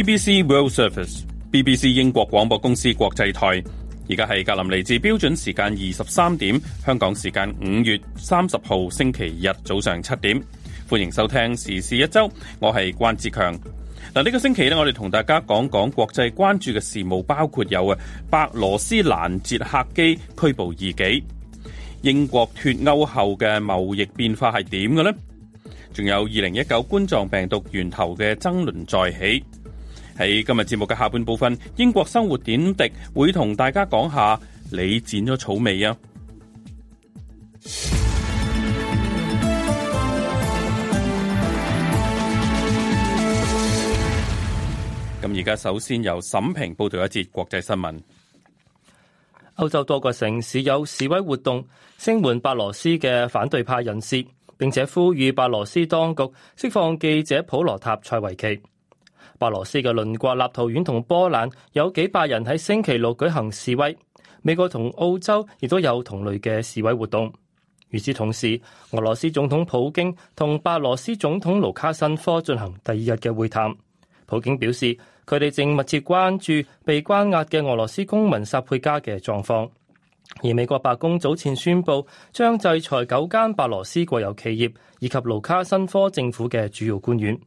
BBC World Service，BBC 英國廣播公司國際台。而家係格林尼治標準時間二十三點，香港時間五月三十號星期日早上七點，歡迎收聽時事一周。我係關志強。嗱，呢個星期咧，我哋同大家講講國際關注嘅事務，包括有啊，白羅斯攔截客機拘捕異己，英國脫歐後嘅貿易變化係點嘅呢？仲有二零一九冠狀病毒源頭嘅爭論再起。喺今日節目嘅下半部分，英國生活點滴會同大家講下你剪咗草未啊？咁而家首先由沈平報道一節國際新聞。歐洲多個城市有示威活動，聲援白羅斯嘅反對派人士，並且呼籲白羅斯當局釋放記者普羅塔塞維奇。白羅斯嘅鄰國立陶宛同波蘭有幾百人喺星期六舉行示威，美國同澳洲亦都有同類嘅示威活動。與此同時，俄羅斯總統普京同白羅斯總統盧卡申科進行第二日嘅會談。普京表示，佢哋正密切關注被關押嘅俄羅斯公民薩佩加嘅狀況。而美國白宮早前宣布，將制裁九間白羅斯國有企業以及盧卡申科政府嘅主要官員。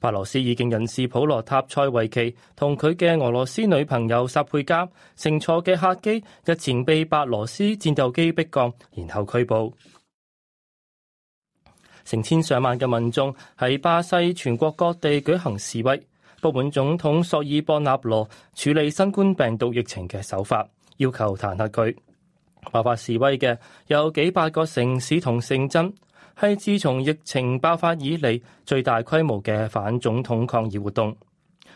白羅斯異見人士普羅塔塞維奇同佢嘅俄羅斯女朋友薩佩加乘坐嘅客機日前被白羅斯戰鬥機迫降，然後拘捕。成千上萬嘅民眾喺巴西全國各地舉行示威，不滿總統索爾博納羅處理新冠病毒疫情嘅手法，要求彈劾佢。爆發示威嘅有幾百個城市同城鎮。係自從疫情爆發以嚟最大規模嘅反總統抗議活動，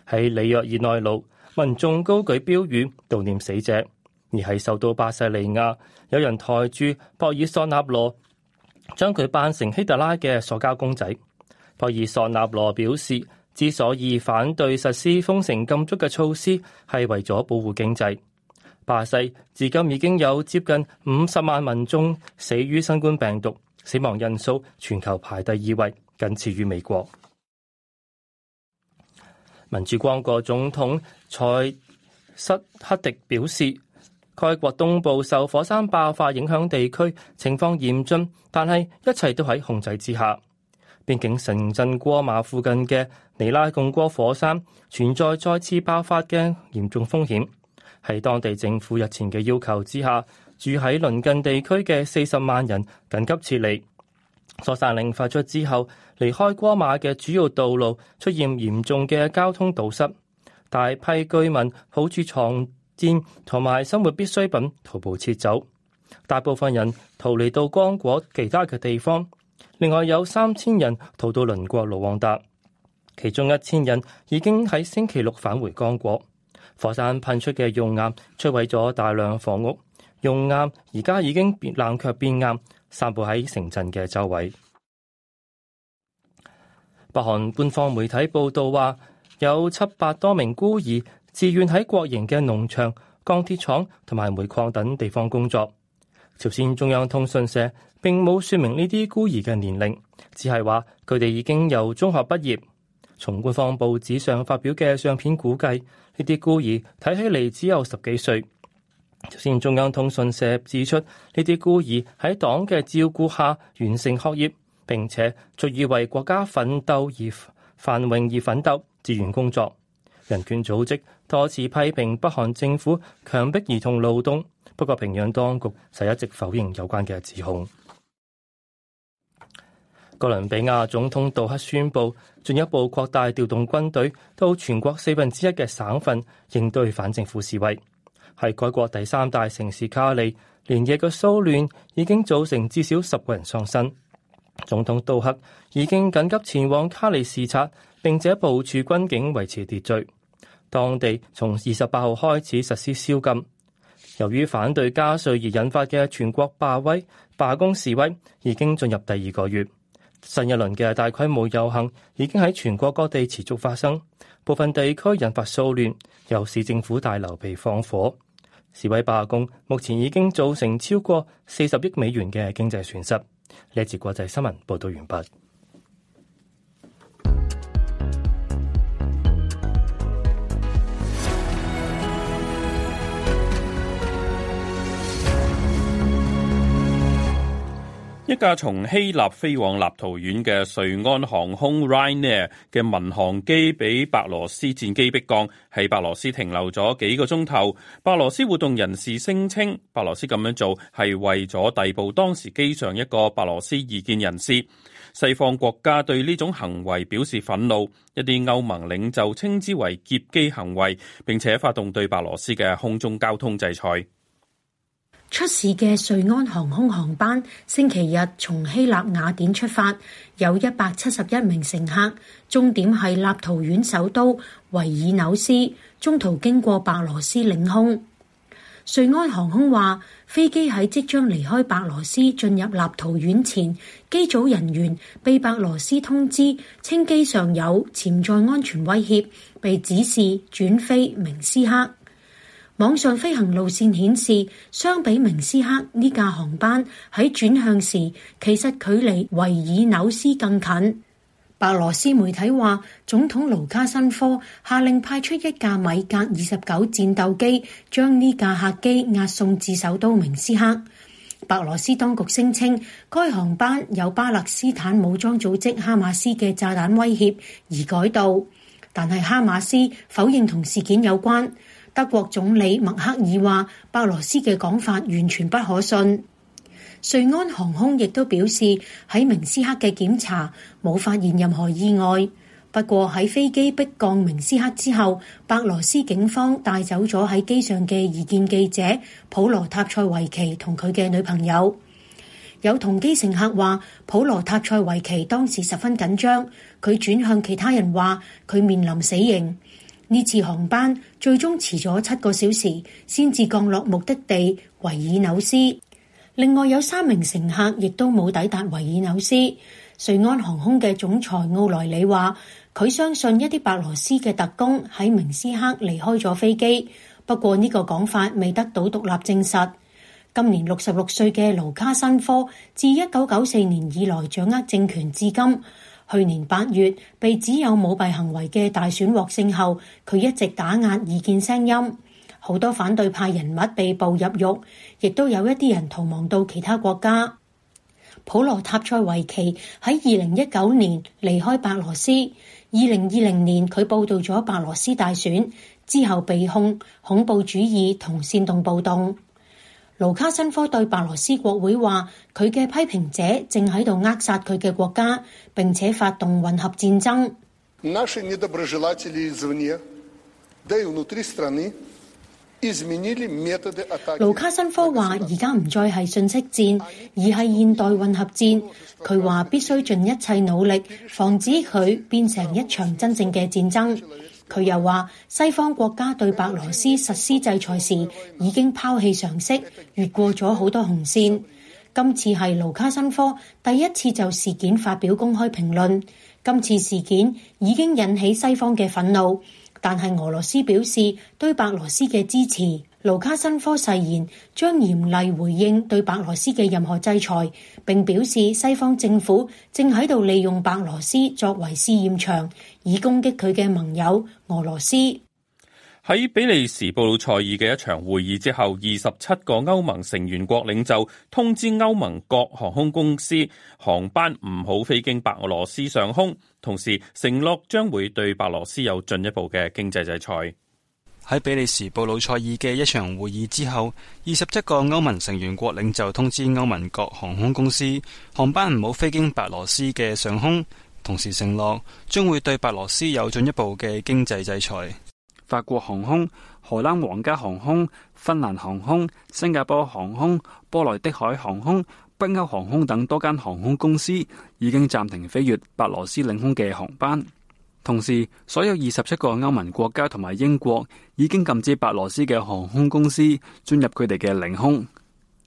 喺里約熱內盧民眾高舉標語悼念死者，而係受到巴西利亞有人抬住博爾索納羅，將佢扮成希特拉嘅塑膠公仔。博爾索納羅表示，之所以反對實施封城禁足嘅措施，係為咗保護經濟。巴西至今已經有接近五十萬民眾死於新冠病毒。死亡人數全球排第二位，僅次於美國。民主剛果總統齊塞克迪表示，該國東部受火山爆發影響地區情況嚴峻，但係一切都喺控制之下。邊境城鎮戈馬附近嘅尼拉貢戈火山存在再次爆發嘅嚴重風險，喺當地政府日前嘅要求之下，住喺鄰近地區嘅四十萬人緊急撤離。疏散令發出之後，離開戈馬嘅主要道路出現嚴重嘅交通堵塞，大批居民抱住床墊同埋生活必需品徒步撤走。大部分人逃離到剛果其他嘅地方，另外有三千人逃到鄰國盧旺達，其中一千人已經喺星期六返回剛果。火山噴出嘅熔岩摧毀咗大量房屋。用啱，而家已經變冷卻變啱，散布喺城鎮嘅周圍。北韓官方媒體報道話，有七百多名孤兒自願喺國營嘅農場、鋼鐵廠同埋煤礦等地方工作。朝鮮中央通訊社並冇說明呢啲孤兒嘅年齡，只係話佢哋已經有中學畢業。從官方報紙上發表嘅相片估計，呢啲孤兒睇起嚟只有十幾歲。先，中央通訊社指出，呢啲孤兒喺黨嘅照顧下完成學業，並且足以為國家奮鬥而繁榮而奮鬥，自願工作。人權組織多次批評北韓政府強迫兒童勞動，不過平壤當局就一直否認有關嘅指控。哥倫比亞總統杜克宣布進一步擴大調動軍隊到全國四分之一嘅省份，應對反政府示威。係該國第三大城市卡利，連夜嘅騷亂已經造成至少十個人喪生。總統杜克已經緊急前往卡利視察，並且部署軍警維持秩序。當地從二十八號開始實施宵禁。由於反對加稅而引發嘅全國罷威、罷工示威已經進入第二個月。新一輪嘅大規模遊行已經喺全國各地持續發生，部分地區引發騷亂，有市政府大樓被放火。示威罷工，目前已經造成超過四十億美元嘅經濟損失。呢節國際新聞報道完畢。一架從希臘飛往立陶宛嘅瑞安航空 Ryanair 嘅民航機俾白羅斯戰機迫降，喺白羅斯停留咗幾個鐘頭。白羅斯活動人士聲稱，白羅斯咁樣做係為咗逮捕當時機上一個白羅斯異見人士。西方國家對呢種行為表示憤怒，一啲歐盟領袖稱之為劫機行為，並且發動對白羅斯嘅空中交通制裁。出事嘅瑞安航空航班星期日從希臘雅典出發，有一百七十一名乘客，終點係立陶宛首都維爾紐斯，中途經過白羅斯領空。瑞安航空話，飛機喺即將離開白羅斯進入立陶宛前，機組人員被白羅斯通知，稱機上有潛在安全威脅，被指示轉飛明斯克。網上飛行路線顯示，相比明斯克呢架航班喺轉向時，其實距離維爾紐斯更近。白羅斯媒體話，總統盧卡申科下令派出一架米格二十九戰鬥機，將呢架客機押送至首都明斯克。白羅斯當局聲稱，該航班有巴勒斯坦武裝組織哈馬斯嘅炸彈威脅而改道，但係哈馬斯否認同事件有關。德國總理默克爾話，白羅斯嘅講法完全不可信。瑞安航空亦都表示喺明斯克嘅檢查冇發現任何意外。不過喺飛機逼降明斯克之後，白羅斯警方帶走咗喺機上嘅異見記者普羅塔塞維奇同佢嘅女朋友。有同機乘客話，普羅塔塞維奇當時十分緊張，佢轉向其他人話佢面臨死刑。呢次航班最終遲咗七個小時，先至降落目的地維爾紐斯。另外有三名乘客亦都冇抵達維爾紐斯。瑞安航空嘅總裁奧萊里話，佢相信一啲白羅斯嘅特工喺明斯克離開咗飛機。不過呢個講法未得到獨立證實。今年六十六歲嘅盧卡申科自一九九四年以來掌握政權至今。去年八月被指有舞弊行為嘅大選獲勝後，佢一直打壓異見聲音，好多反對派人物被捕入獄，亦都有一啲人逃亡到其他國家。普羅塔塞維奇喺二零一九年離開白羅斯，二零二零年佢報道咗白羅斯大選，之後被控恐怖主義同煽動暴動。盧卡申科對白羅斯國會話：佢嘅批評者正喺度扼殺佢嘅國家，並且發動混合戰爭。盧卡申科話：而家唔再係信息戰，而係現代混合戰。佢話必須盡一切努力，防止佢變成一場真正嘅戰爭。佢又話：西方國家對白羅斯實施制裁時，已經拋棄常識，越過咗好多紅線。今次係盧卡申科第一次就事件發表公開評論。今次事件已經引起西方嘅憤怒，但係俄羅斯表示對白羅斯嘅支持。盧卡申科誓言將嚴厲回應對白羅斯嘅任何制裁，並表示西方政府正喺度利用白羅斯作為試驗場，以攻擊佢嘅盟友俄羅斯。喺比利時布魯塞爾嘅一場會議之後，二十七個歐盟成員國領袖通知歐盟各航空公司，航班唔好飛經白俄羅斯上空，同時承諾將會對白羅斯有進一步嘅經濟制裁。喺比利時布魯塞爾嘅一場會議之後，二十七個歐盟成員國領袖通知歐盟各航空公司，航班唔好飛經白羅斯嘅上空。同時承諾將會對白羅斯有進一步嘅經濟制裁。法國航空、荷蘭皇家航空、芬蘭航空、新加坡航空、波羅的海航空、北歐航空等多間航空公司已經暫停飛越白羅斯領空嘅航班。同時，所有二十七個歐盟國家同埋英國已經禁止白羅斯嘅航空公司進入佢哋嘅領空。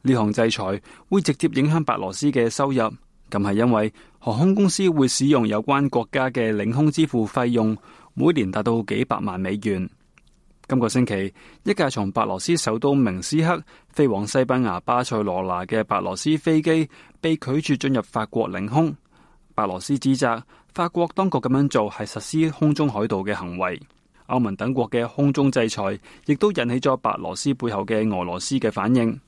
呢項制裁會直接影響白羅斯嘅收入。咁係因為航空公司會使用有關國家嘅領空支付費用，每年達到幾百萬美元。今個星期，一架從白羅斯首都明斯克飛往西班牙巴塞羅那嘅白羅斯飛機被拒絕進入法國領空。白羅斯指責法國當局咁樣做係實施空中海盜嘅行為。歐盟等國嘅空中制裁，亦都引起咗白羅斯背後嘅俄羅斯嘅反應。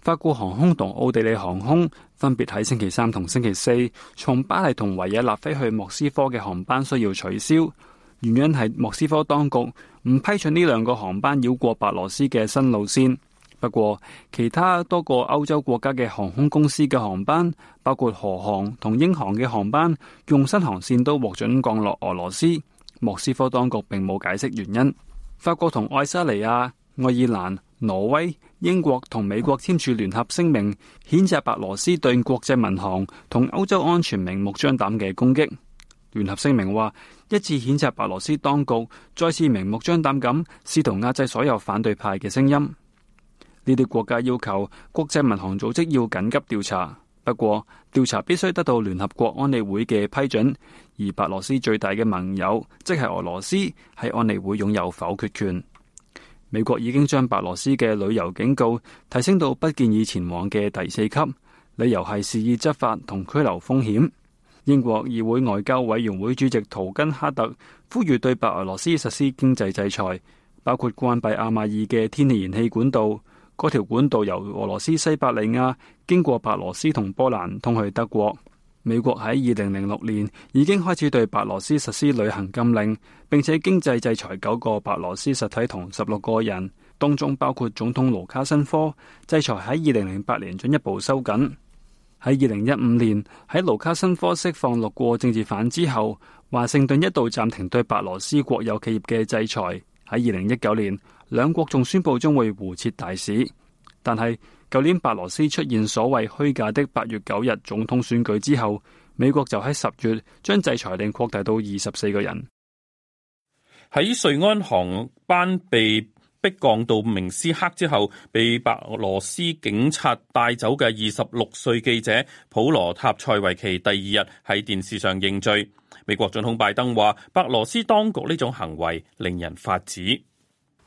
法國航空同奧地利航空分別喺星期三同星期四從巴黎同維也納飛去莫斯科嘅航班需要取消，原因係莫斯科當局唔批准呢兩個航班繞過白羅斯嘅新路線。不過，其他多個歐洲國家嘅航空公司嘅航班，包括荷航同英航嘅航班，用新航線都獲准降落俄羅斯。莫斯科當局並冇解釋原因。法國同愛沙尼亞、愛爾蘭、挪威、英國同美國簽署聯合聲明，譴責白羅斯對國際民航同歐洲安全明目張膽嘅攻擊。聯合聲明話，一致譴責白羅斯當局再次明目張膽咁試圖壓制所有反對派嘅聲音。呢啲國家要求國際民航組織要緊急調查，不過調查必須得到聯合國安理會嘅批准。而白羅斯最大嘅盟友即係俄羅斯，喺安理會擁有否決權。美國已經將白羅斯嘅旅遊警告提升到不建議前往嘅第四級，理由係肆意執法同拘留風險。英國議會外交委員會主席圖根哈特呼籲對白俄羅斯實施經濟制裁，包括關閉亞馬爾嘅天然氣管道。嗰條管道由俄羅斯西伯利亞經過白羅斯同波蘭通去德國。美國喺二零零六年已經開始對白羅斯實施旅行禁令，並且經濟制裁九個白羅斯實體同十六個人，當中包括總統盧卡申科。制裁喺二零零八年進一步收緊。喺二零一五年，喺盧卡申科釋放六個政治犯之後，華盛頓一度暫停對白羅斯國有企業嘅制裁。喺二零一九年，兩國仲宣佈將會互設大使，但係舊年白羅斯出現所謂虛假的八月九日總統選舉之後，美國就喺十月將制裁令擴大到二十四個人。喺瑞安航班被逼降到明斯克之後，被白羅斯警察帶走嘅二十六歲記者普羅塔塞維奇第二日喺電視上認罪。美國總統拜登話：白羅斯當局呢種行為令人發指。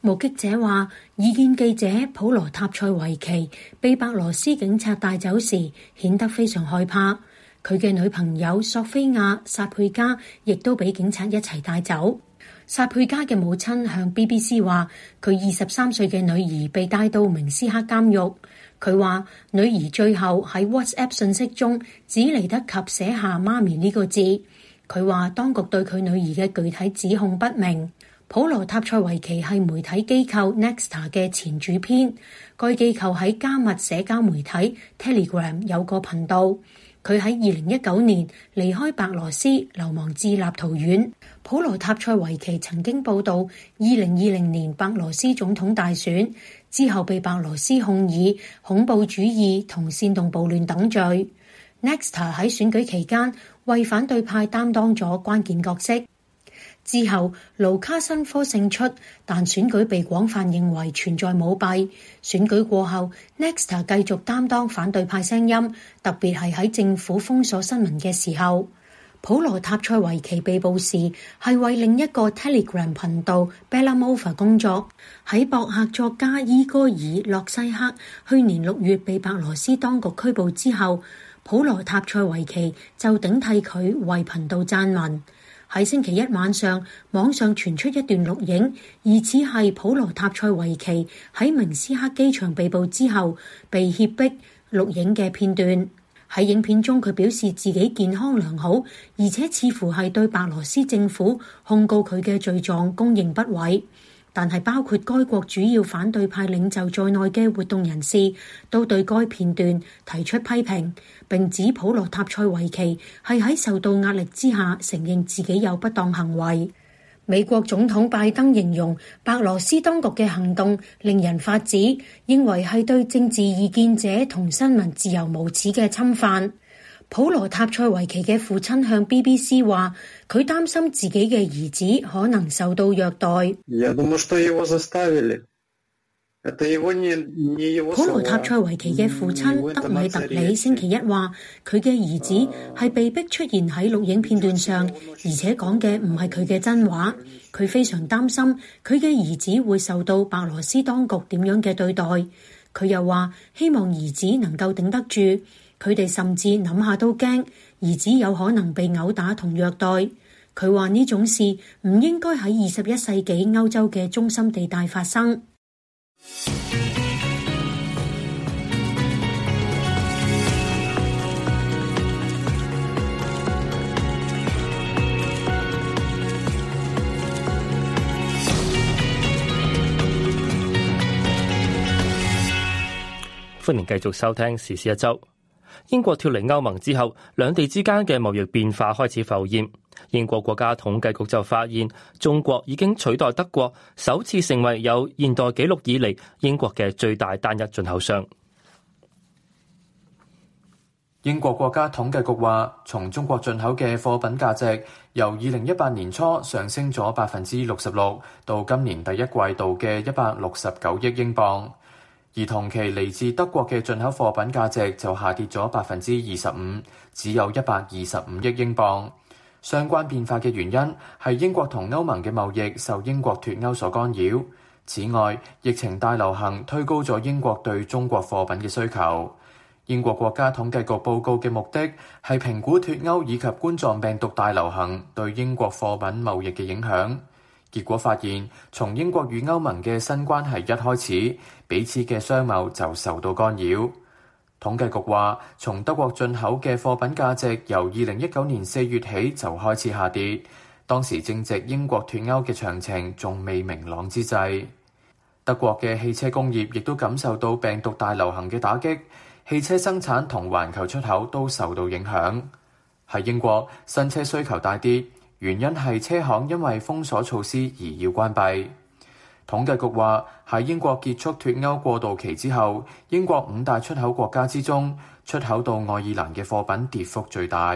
目擊者話，異見記者普羅塔塞維奇被白羅斯警察帶走時，顯得非常害怕。佢嘅女朋友索菲亞薩佩加亦都俾警察一齊帶走。薩佩加嘅母親向 BBC 話，佢二十三歲嘅女兒被帶到明斯克監獄。佢話女兒最後喺 WhatsApp 信息中只嚟得及寫下媽咪呢個字。佢話當局對佢女兒嘅具體指控不明。普羅塔塞維奇係媒體機構 Nexta 嘅前主編，該機構喺加密社交媒體 Telegram 有個頻道。佢喺二零一九年離開白羅斯，流亡至立陶宛。普羅塔塞維奇曾經報道二零二零年白羅斯總統大選，之後被白羅斯控以恐怖主義同煽動暴亂等罪。Nexta 喺選舉期間為反對派擔當咗關鍵角色。之後，盧卡申科勝出，但選舉被廣泛認為存在舞弊。選舉過後，Nexta 繼續擔當反對派聲音，特別係喺政府封鎖新聞嘅時候。普羅塔塞維奇被捕時，係為另一個 Telegram 頻道 Belamova 工作。喺博客作家伊戈爾洛西克去年六月被白羅斯當局拘捕之後，普羅塔塞維奇就頂替佢為頻道撰文。喺星期一晚上，網上傳出一段錄影，疑似係普羅塔塞維奇喺明斯克機場被捕之後被脅迫錄影嘅片段。喺影片中，佢表示自己健康良好，而且似乎係對白羅斯政府控告佢嘅罪狀供認不諱。但係，包括該國主要反對派領袖在內嘅活動人士，都對該片段提出批評，並指普羅塔塞維奇係喺受到壓力之下，承認自己有不當行為。美國總統拜登形容白羅斯當局嘅行動令人髮指，認為係對政治異見者同新聞自由無恥嘅侵犯。普羅塔塞維奇嘅父親向 BBC 話，佢擔心自己嘅兒子可能受到虐待。普羅塔塞維奇嘅父親德米特里星期一話，佢嘅兒子係被迫出現喺錄影片段上，而且講嘅唔係佢嘅真話。佢非常擔心佢嘅兒子會受到白羅斯當局點樣嘅對待。佢又話，希望兒子能夠頂得住。佢哋甚至諗下都驚，兒子有可能被毆打同虐待。佢話呢種事唔應該喺二十一世紀歐洲嘅中心地帶發生。歡迎繼續收聽時事一周。英國脫離歐盟之後，兩地之間嘅貿易變化開始浮現。英國國家統計局就發現，中國已經取代德國，首次成為有現代紀錄以嚟英國嘅最大單一進口商。英國國家統計局話，從中國進口嘅貨品價值由二零一八年初上升咗百分之六十六，到今年第一季度嘅一百六十九億英鎊。而同期嚟自德國嘅進口貨品價值就下跌咗百分之二十五，只有一百二十五億英鎊。相關變化嘅原因係英國同歐盟嘅貿易受英國脫歐所干擾。此外，疫情大流行推高咗英國對中國貨品嘅需求。英國國家統計局報告嘅目的係評估脫歐以及冠狀病毒大流行對英國貨品貿易嘅影響。結果發現，從英國與歐盟嘅新關係一開始，彼此嘅商貿就受到干擾。統計局話，從德國進口嘅貨品價值由二零一九年四月起就開始下跌，當時正值英國脫歐嘅詳情仲未明朗之際。德國嘅汽車工業亦都感受到病毒大流行嘅打擊，汽車生產同環球出口都受到影響。喺英國，新車需求大跌。原因係車行因為封鎖措施而要關閉。統計局話，喺英國結束脱歐過渡期之後，英國五大出口國家之中，出口到愛爾蘭嘅貨品跌幅最大。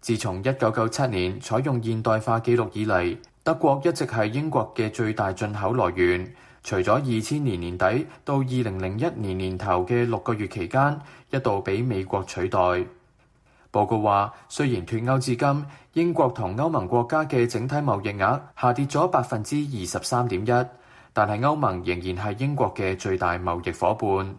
自從一九九七年採用現代化記錄以嚟，德國一直係英國嘅最大進口來源，除咗二千年年底到二零零一年年頭嘅六個月期間，一度被美國取代。報告話，雖然脱歐至今，英國同歐盟國家嘅整體貿易額下跌咗百分之二十三點一，但係歐盟仍然係英國嘅最大貿易夥伴。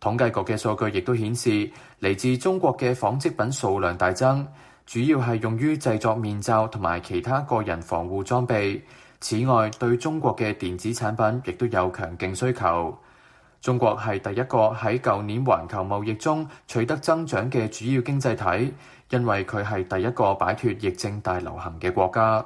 統計局嘅數據亦都顯示，嚟自中國嘅紡織品數量大增，主要係用於製作面罩同埋其他個人防護裝備。此外，對中國嘅電子產品亦都有強勁需求。中國係第一個喺舊年環球貿易中取得增長嘅主要經濟體，因為佢係第一個擺脱疫症大流行嘅國家。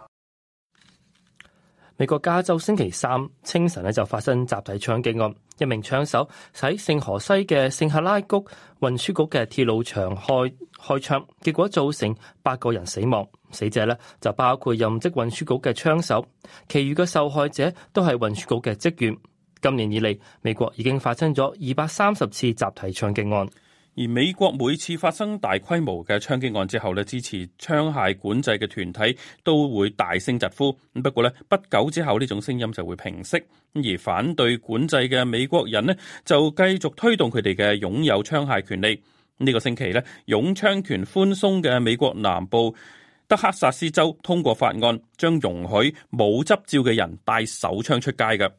美國加州星期三清晨呢就發生集體槍擊案，一名槍手喺聖荷西嘅聖克拉谷運輸局嘅鐵路場開開槍，結果造成八個人死亡，死者呢就包括任職運輸局嘅槍手，其餘嘅受害者都係運輸局嘅職員。今年以嚟，美國已經發生咗二百三十次集體槍擊案。而美國每次發生大規模嘅槍擊案之後咧，支持槍械管制嘅團體都會大聲疾呼。不過咧，不久之後呢種聲音就會平息。而反對管制嘅美國人咧，就繼續推動佢哋嘅擁有槍械權利。呢個星期咧，擁槍權寬鬆嘅美國南部德克薩斯州通過法案，將容許冇執照嘅人帶手槍出街嘅。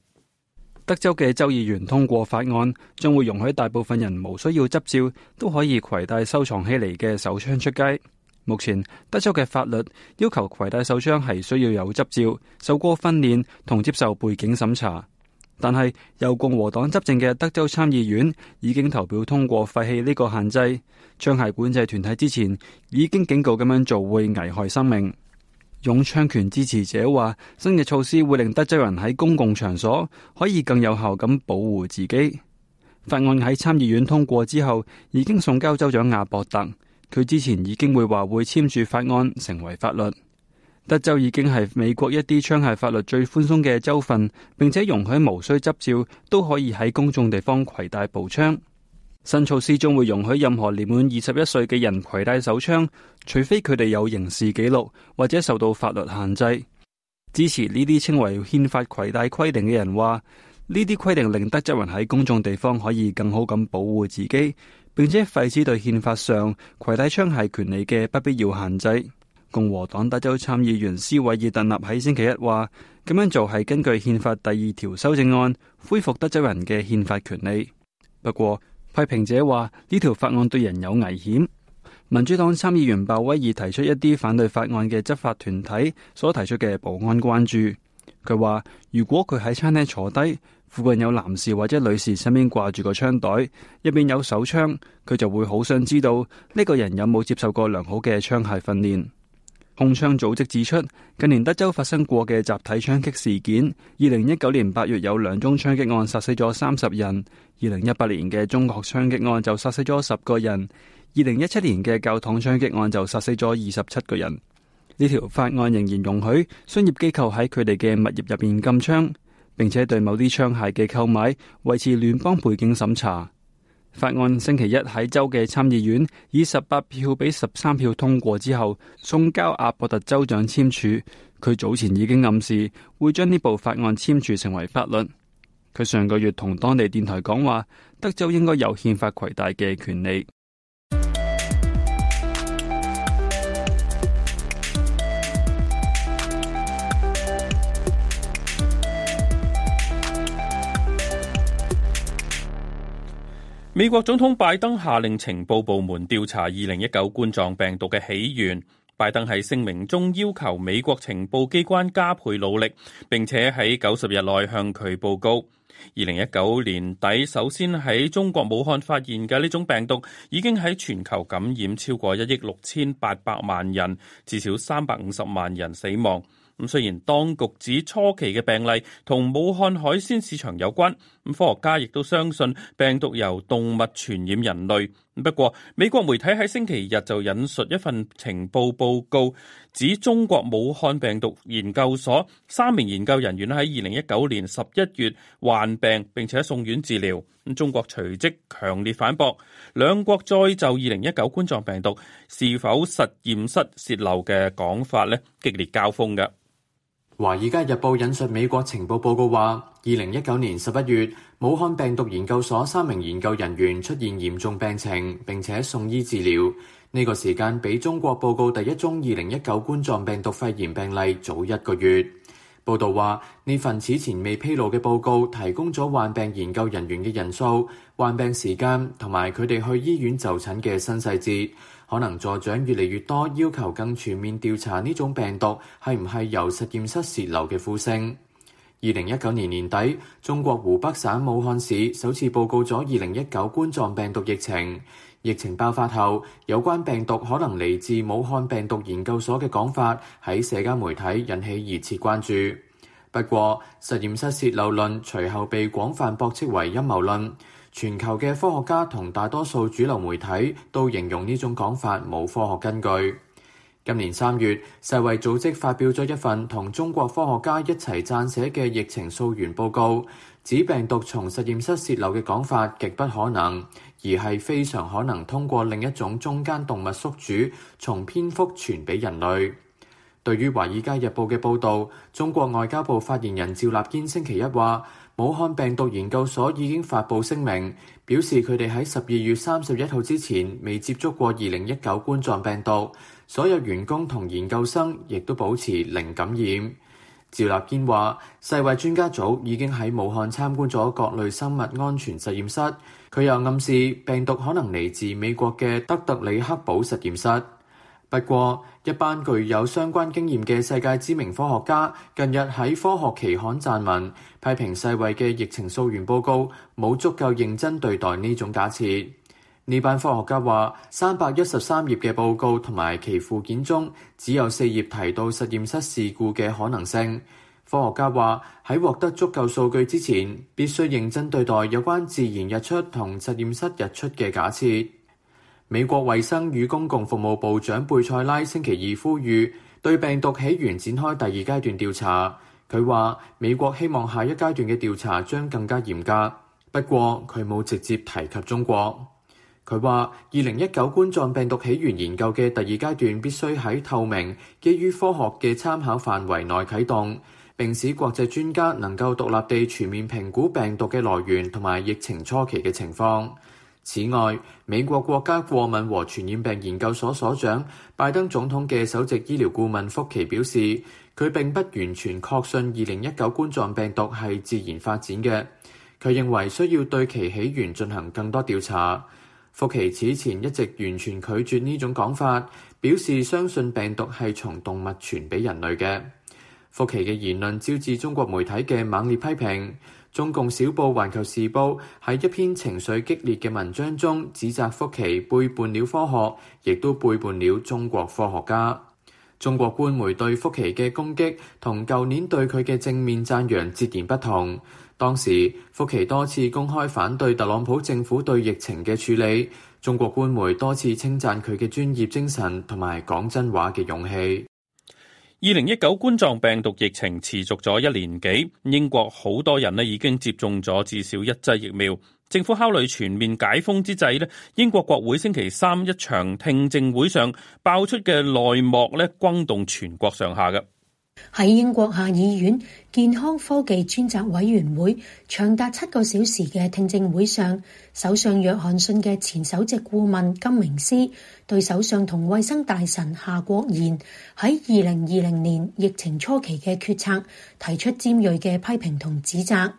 德州嘅州議員通過法案，將會容許大部分人無需要執照都可以攜帶收藏起嚟嘅手槍出街。目前，德州嘅法律要求攜帶手槍係需要有執照、受過訓練同接受背景審查。但係由共和黨執政嘅德州參議院已經投票通過廢棄呢個限制。槍械管制團體之前已經警告咁樣做會危害生命。擁槍權支持者話：新嘅措施會令德州人喺公共場所可以更有效咁保護自己。法案喺參議院通過之後，已經送交州長阿伯特。佢之前已經會話會簽署法案成為法律。德州已經係美國一啲槍械法律最寬鬆嘅州份，並且容許無需執照都可以喺公眾地方携帶步槍。新措施將會容許任何年滿二十一歲嘅人攜帶手槍，除非佢哋有刑事記錄或者受到法律限制。支持呢啲稱為憲法攜帶規定嘅人話，呢啲規定令德州人喺公眾地方可以更好咁保護自己，並且廢止對憲法上攜帶槍械權利嘅不必要限制。共和黨德州參議員斯韋爾特納喺星期一話，咁樣做係根據憲法第二條修正案恢復德州人嘅憲法權利。不過。批評者話呢條法案對人有危險。民主黨參議員鮑威爾提出一啲反對法案嘅執法團體所提出嘅保安關注。佢話如果佢喺餐廳坐低，附近有男士或者女士身邊掛住個槍袋，入邊有手槍，佢就會好想知道呢個人有冇接受過良好嘅槍械訓練。控槍組織指出，近年德州發生過嘅集體槍擊事件，二零一九年八月有兩宗槍擊案，殺死咗三十人；二零一八年嘅中學槍擊案就殺死咗十個人；二零一七年嘅教堂槍擊案就殺死咗二十七個人。呢條法案仍然容許商業機構喺佢哋嘅物業入面禁槍，並且對某啲槍械嘅購買維持聯邦背景審查。法案星期一喺州嘅參議院以十八票比十三票通過之後，送交阿伯特州長簽署。佢早前已經暗示會將呢部法案簽署成為法律。佢上個月同當地電台講話，德州應該有憲法攜帶嘅權利。美國總統拜登下令情報部門調查二零一九冠狀病毒嘅起源。拜登喺聲明中要求美國情報機關加倍努力，並且喺九十日內向佢報告。二零一九年底，首先喺中國武漢發現嘅呢種病毒，已經喺全球感染超過一億六千八百萬人，至少三百五十萬人死亡。咁雖然當局指初期嘅病例同武漢海鮮市場有關，科學家亦都相信病毒由動物傳染人類。不過美國媒體喺星期日就引述一份情報報告，指中國武漢病毒研究所三名研究人員喺二零一九年十一月患病，並且送院治療。中國隨即強烈反駁，兩國再就二零一九冠狀病毒是否實驗室洩漏嘅講法咧激烈交鋒嘅。華爾街日報引述美國情報報告話，二零一九年十一月，武漢病毒研究所三名研究人員出現嚴重病情，並且送醫治療。呢個時間比中國報告第一宗二零一九冠狀病毒肺炎病例早一個月。報道話，呢份此前未披露嘅報告提供咗患病研究人員嘅人數、患病時間同埋佢哋去醫院就診嘅新細節。可能助長越嚟越多要求更全面調查呢種病毒係唔係由實驗室洩漏嘅呼聲。二零一九年年底，中國湖北省武漢市首次報告咗二零一九冠狀病毒疫情。疫情爆發後，有關病毒可能嚟自武漢病毒研究所嘅講法喺社交媒體引起熱切關注。不過，實驗室洩漏論隨後被廣泛駁斥為陰謀論。全球嘅科學家同大多數主流媒體都形容呢種講法冇科學根據。今年三月，世衛組織發表咗一份同中國科學家一齊撰寫嘅疫情溯源報告，指病毒從實驗室洩漏嘅講法極不可能，而係非常可能通過另一種中間動物宿主從蝙蝠傳俾人類。對於《華爾街日報》嘅報導，中國外交部發言人趙立堅星，星期一話。武漢病毒研究所已經發布聲明，表示佢哋喺十二月三十一號之前未接觸過二零一九冠狀病毒，所有員工同研究生亦都保持零感染。趙立堅話，世衛專家組已經喺武漢參觀咗各類生物安全實驗室。佢又暗示病毒可能嚟自美國嘅德特里克堡實驗室。不過。一班具有相關經驗嘅世界知名科學家近日喺科學期刊撰文，批評世衛嘅疫情溯源報告冇足夠認真對待呢種假設。呢班科學家話，三百一十三頁嘅報告同埋其附件中只有四頁提到實驗室事故嘅可能性。科學家話，喺獲得足夠數據之前，必須認真對待有關自然溢出同實驗室溢出嘅假設。美國衛生與公共服務部長貝塞拉星期二呼籲對病毒起源展開第二階段調查。佢話美國希望下一階段嘅調查將更加嚴格，不過佢冇直接提及中國。佢話二零一九冠狀病毒起源研究嘅第二階段必須喺透明、基於科學嘅參考範圍內啟動，並使國際專家能夠獨立地全面評估病毒嘅來源同埋疫情初期嘅情況。此外，美國國家過敏和傳染病研究所所長拜登總統嘅首席醫療顧問福奇表示，佢並不完全確信二零一九冠狀病毒係自然發展嘅，佢認為需要對其起源進行更多調查。福奇此前一直完全拒絕呢種講法，表示相信病毒係從動物傳俾人類嘅。福奇嘅言論招致中國媒體嘅猛烈批評。中共小報環球時報喺一篇情緒激烈嘅文章中，指責福奇背叛了科學，亦都背叛了中國科學家。中國官媒對福奇嘅攻擊同舊年對佢嘅正面讚揚截然不同。當時福奇多次公開反對特朗普政府對疫情嘅處理，中國官媒多次稱讚佢嘅專業精神同埋講真話嘅勇氣。二零一九冠狀病毒疫情持續咗一年幾，英國好多人咧已經接種咗至少一劑疫苗。政府考慮全面解封之際咧，英國國會星期三一場聽證會上爆出嘅內幕咧，轟動全國上下嘅。喺英國下議院健康科技專責委員會長達七個小時嘅聽證會上，首相約翰遜嘅前首席顧問金明斯對首相同衛生大臣夏國賢喺二零二零年疫情初期嘅決策提出尖銳嘅批評同指責。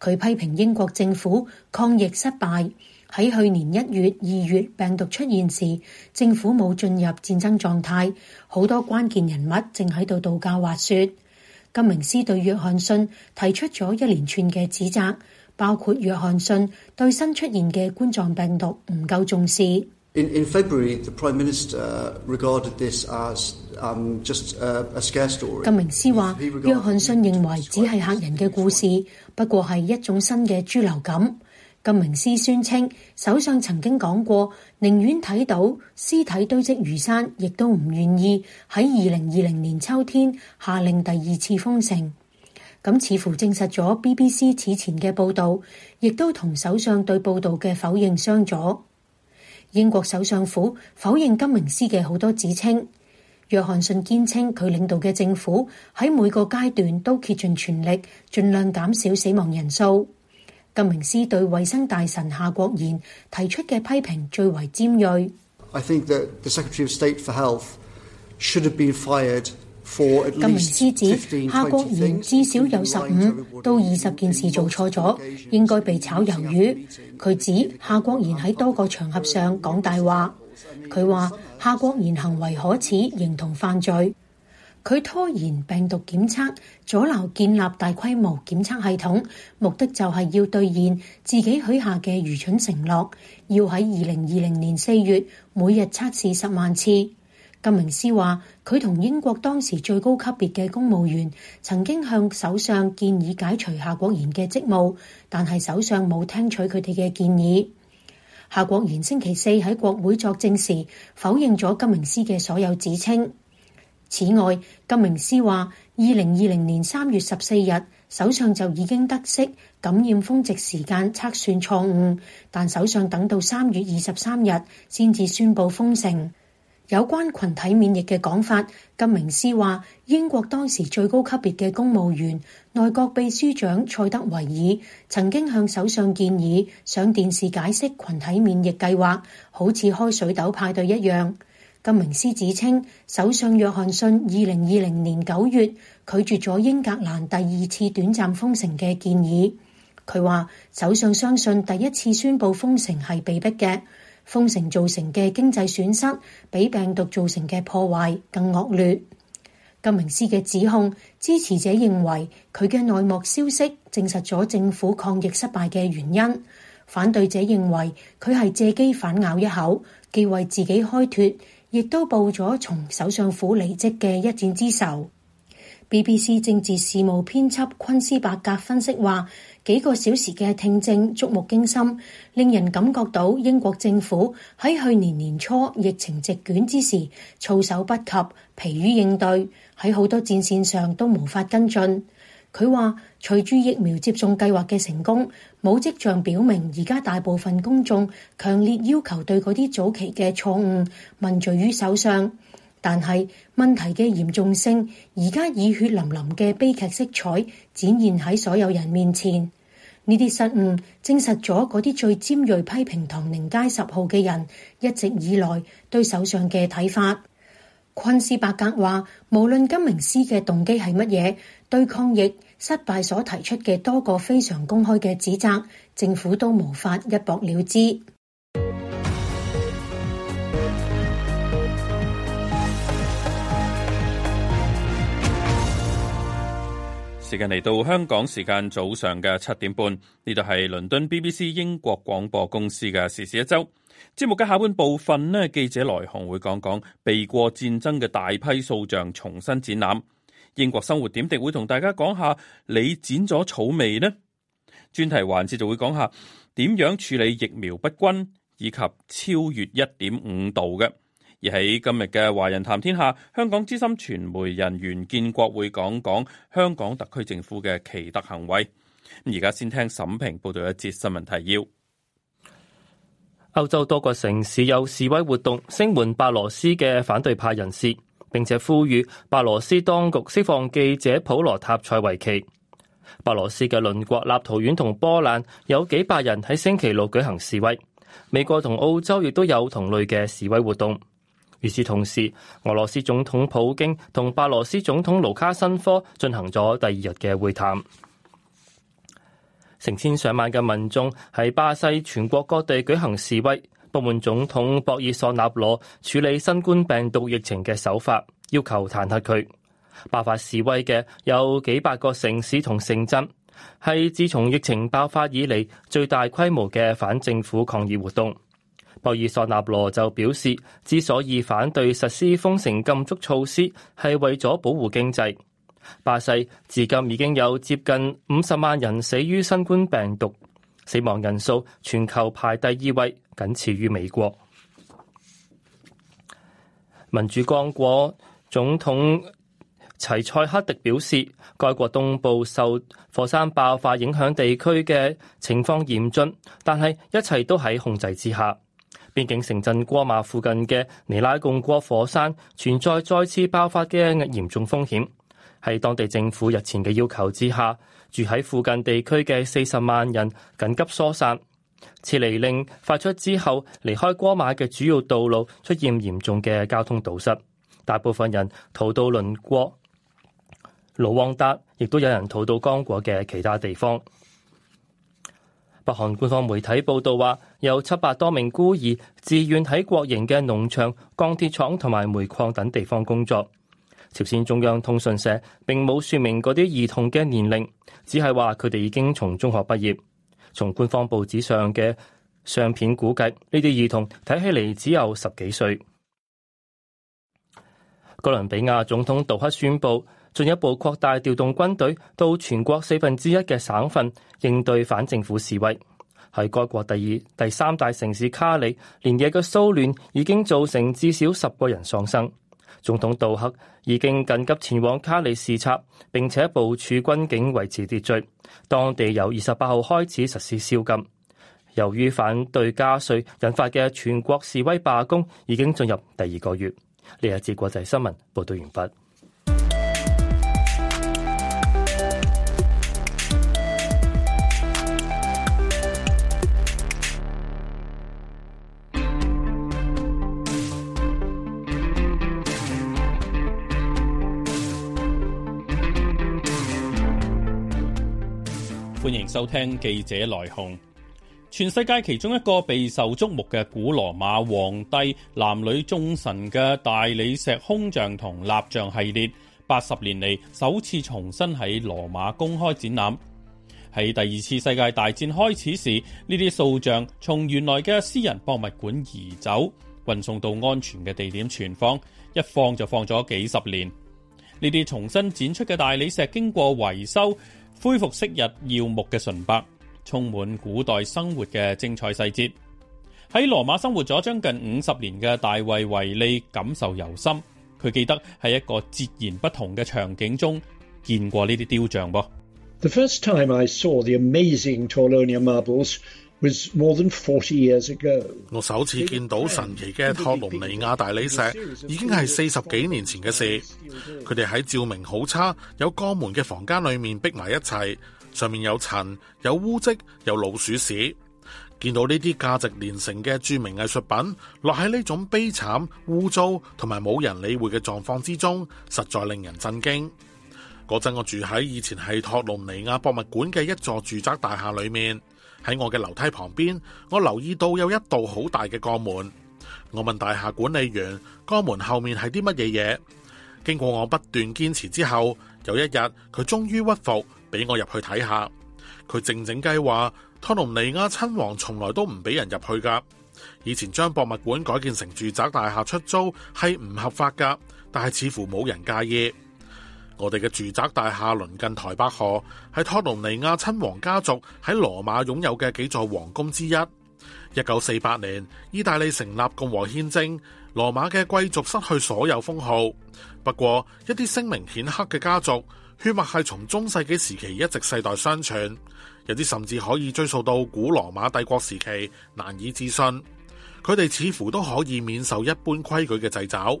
佢批評英國政府抗疫失敗。喺去年一月、二月病毒出現時，政府冇進入戰爭狀態，好多關鍵人物正喺度度假滑雪。金明斯對約翰遜提出咗一連串嘅指責，包括約翰遜對新出現嘅冠狀病毒唔夠重視。In February, the prime minister regarded this as just a scare story。金明斯話：約翰遜認為只係嚇人嘅故事，不過係一種新嘅豬流感。金明斯宣稱，首相曾經講過，寧願睇到屍體堆積如山，亦都唔願意喺二零二零年秋天下令第二次封城。咁似乎證實咗 BBC 此前嘅報道，亦都同首相對報道嘅否認相左。英國首相府否認金明斯嘅好多指稱。約翰遜堅稱佢領導嘅政府喺每個階段都竭盡全力，盡量減少死亡人數。甘明斯對衛生大臣夏國賢提出嘅批評最為尖銳。甘明斯指夏國賢至少有十五到二十件事做錯咗，應該被炒魷魚。佢指夏國賢喺多個場合上講大話。佢話夏國賢行為可恥，認同犯罪。佢拖延病毒檢測，阻撓建立大規模檢測系統，目的就係要兌現自己許下嘅愚蠢承諾，要喺二零二零年四月每日測試十萬次。金明斯話：佢同英國當時最高級別嘅公務員曾經向首相建議解除夏國賢嘅職務，但係首相冇聽取佢哋嘅建議。夏國賢星期四喺國會作證時否認咗金明斯嘅所有指稱。此外，金明斯話，二零二零年三月十四日，首相就已經得悉感染峰值時間測算錯誤，但首相等到三月二十三日先至宣布封城。有關群體免疫嘅講法，金明斯話英國當時最高級別嘅公務員內閣秘書長塞德維爾曾經向首相建議上電視解釋群體免疫計劃好似開水痘派對一樣。金明斯指稱，首相約翰遜二零二零年九月拒絕咗英格蘭第二次短暫封城嘅建議。佢話首相相信第一次宣布封城係被逼嘅，封城造成嘅經濟損失比病毒造成嘅破壞更惡劣。金明斯嘅指控支持者，認為佢嘅內幕消息證實咗政府抗疫失敗嘅原因，反對者認為佢係借機反咬一口，既為自己開脫，亦都報咗從首相府離職嘅一戰之仇。BBC 政治事務編輯昆斯伯格分析話：幾個小時嘅聽證觸目驚心，令人感覺到英國政府喺去年年初疫情席捲之時措手不及，疲於應對，喺好多戰線上都無法跟進。佢話隨住疫苗接種計劃嘅成功，冇跡象表明而家大部分公眾強烈要求對嗰啲早期嘅錯誤問罪於首相。但係問題嘅嚴重性，而家以血淋淋嘅悲劇色彩展現喺所有人面前。呢啲失誤證實咗嗰啲最尖銳批評唐寧街十號嘅人一直以來對首相嘅睇法。昆斯伯格話：無論金明斯嘅動機係乜嘢，對抗疫失敗所提出嘅多個非常公開嘅指責，政府都無法一駁了之。時間嚟到香港時間早上嘅七點半，呢度係倫敦 BBC 英國廣播公司嘅時事一周。節目嘅下半部分呢，記者來鴻會講講避過戰爭嘅大批塑像重新展覽。英國生活點滴會同大家講下你剪咗草未呢？專題環節就會講下點樣處理疫苗不均，以及超越一點五度嘅。而喺今日嘅華人談天下，香港資深傳媒人袁建國會講講香港特區政府嘅奇特行為。而家先聽沈平報道一節新聞提要。歐洲多個城市有示威活動，聲援白羅斯嘅反對派人士，並且呼籲白羅斯當局釋放記者普羅塔塞維奇。白羅斯嘅鄰國立陶宛同波蘭有幾百人喺星期六舉行示威。美國同澳洲亦都有同類嘅示威活動。與此同時，俄羅斯總統普京同白羅斯總統盧卡申科進行咗第二日嘅會談。成千上萬嘅民眾喺巴西全國各地舉行示威，不滿總統博爾索納羅處理新冠病毒疫情嘅手法，要求彈劾佢。爆發示威嘅有幾百個城市同城鎮，係自從疫情爆發以嚟最大規模嘅反政府抗議活動。博爾索納羅就表示，之所以反對實施封城禁足措施，係為咗保護經濟。巴西至今已經有接近五十萬人死於新冠病毒，死亡人數全球排第二位，僅次於美國。民主剛果總統齊塞克迪表示，該國東部受火山爆發影響地區嘅情況嚴峻，但係一切都喺控制之下。邊境城鎮戈馬附近嘅尼拉貢戈火山存在再次爆發嘅嚴重風險。喺當地政府日前嘅要求之下，住喺附近地區嘅四十萬人緊急疏散。撤離令發出之後，離開戈馬嘅主要道路出現嚴重嘅交通堵塞。大部分人逃到鄰國盧旺達，亦都有人逃到剛果嘅其他地方。北韓官方媒體報道話，有七百多名孤兒自願喺國營嘅農場、鋼鐵廠同埋煤礦等地方工作。朝鮮中央通訊社並冇說明嗰啲兒童嘅年齡，只係話佢哋已經從中學畢業。從官方報紙上嘅相片估計，呢啲兒童睇起嚟只有十幾歲。哥倫比亞總統杜克宣布進一步擴大調動軍隊到全國四分之一嘅省份應對反政府示威。喺該國第二第三大城市卡里，連夜嘅騷亂已經造成至少十個人喪生。總統杜克已經緊急前往卡里視察，並且部署軍警維持秩序。當地由二十八號開始實施宵禁。由於反對加稅引發嘅全國示威罷工已經進入第二個月。呢一節國際新聞報道完畢。收聽記者來鴻，全世界其中一個備受矚目嘅古羅馬皇帝男女眾神嘅大理石胸像同蠟像系列，八十年嚟首次重新喺羅馬公開展覽。喺第二次世界大戰開始時，呢啲塑像從原來嘅私人博物館移走，運送到安全嘅地點存放，一放就放咗幾十年。呢啲重新展出嘅大理石經過維修。恢復昔日耀目嘅純白，充滿古代生活嘅精彩細節。喺羅馬生活咗將近五十年嘅大衛維利感受猶深，佢記得喺一個截然不同嘅場景中見過呢啲雕像噃。The first time I saw the 我首次見到神奇嘅托隆尼亞大理石，已經係四十幾年前嘅事。佢哋喺照明好差、有鋼門嘅房間裏面逼埋一齊，上面有塵、有污跡、有老鼠屎。見到呢啲價值連城嘅著名藝術品落喺呢種悲慘、污糟同埋冇人理會嘅狀況之中，實在令人震驚。嗰陣我住喺以前係托隆尼亞博物館嘅一座住宅大廈裏面。喺我嘅樓梯旁邊，我留意到有一道好大嘅鋼門。我問大廈管理員，鋼門後面係啲乜嘢嘢？經過我不斷堅持之後，有一日佢終於屈服，俾我入去睇下。佢靜靜雞話：托隆尼亞親王從來都唔俾人入去噶。以前將博物館改建成住宅大廈出租係唔合法噶，但係似乎冇人介意。我哋嘅住宅大廈鄰近台北河，係托羅尼亞親王家族喺羅馬擁有嘅幾座皇宮之一。一九四八年，意大利成立共和憲政，羅馬嘅貴族失去所有封號。不過，一啲聲名顯赫嘅家族，血脈係從中世紀時期一直世代相傳，有啲甚至可以追溯到古羅馬帝國時期，難以置信。佢哋似乎都可以免受一般規矩嘅掣肘。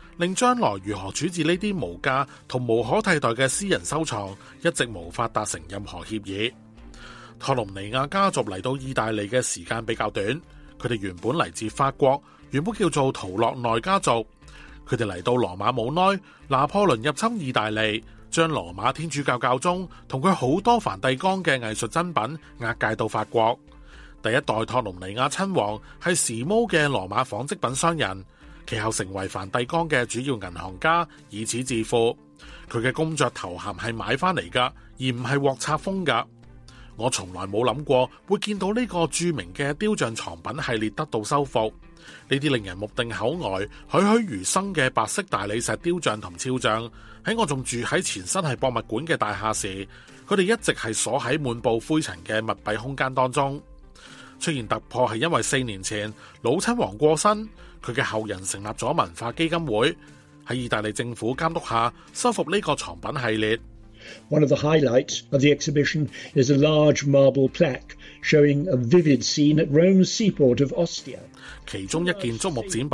令將來如何處置呢啲無價同無可替代嘅私人收藏，一直無法達成任何協議。托隆尼亞家族嚟到意大利嘅時間比較短，佢哋原本嚟自法國，原本叫做圖洛內家族。佢哋嚟到羅馬冇耐，拿破崙入侵意大利，將羅馬天主教教宗同佢好多梵蒂岡嘅藝術珍品押解到法國。第一代托隆尼亞親王係時髦嘅羅馬紡織品商人。其後成為梵蒂岡嘅主要銀行家，以此致富。佢嘅工作頭銜係買翻嚟噶而唔係獲冊封噶。我從來冇諗過會見到呢個著名嘅雕像藏品系列得到修復。呢啲令人目定口呆、栩栩如生嘅白色大理石雕像同肖像，喺我仲住喺前身係博物館嘅大廈時，佢哋一直係鎖喺滿布灰塵嘅密閉空間當中。出現突破係因為四年前老親王過身，佢嘅後人成立咗文化基金會，喺意大利政府監督下修復呢個藏品系列。One of the highlights of the exhibition is a large marble plaque showing a vivid scene at Rome's seaport of Ostia. 其中一件竹木展品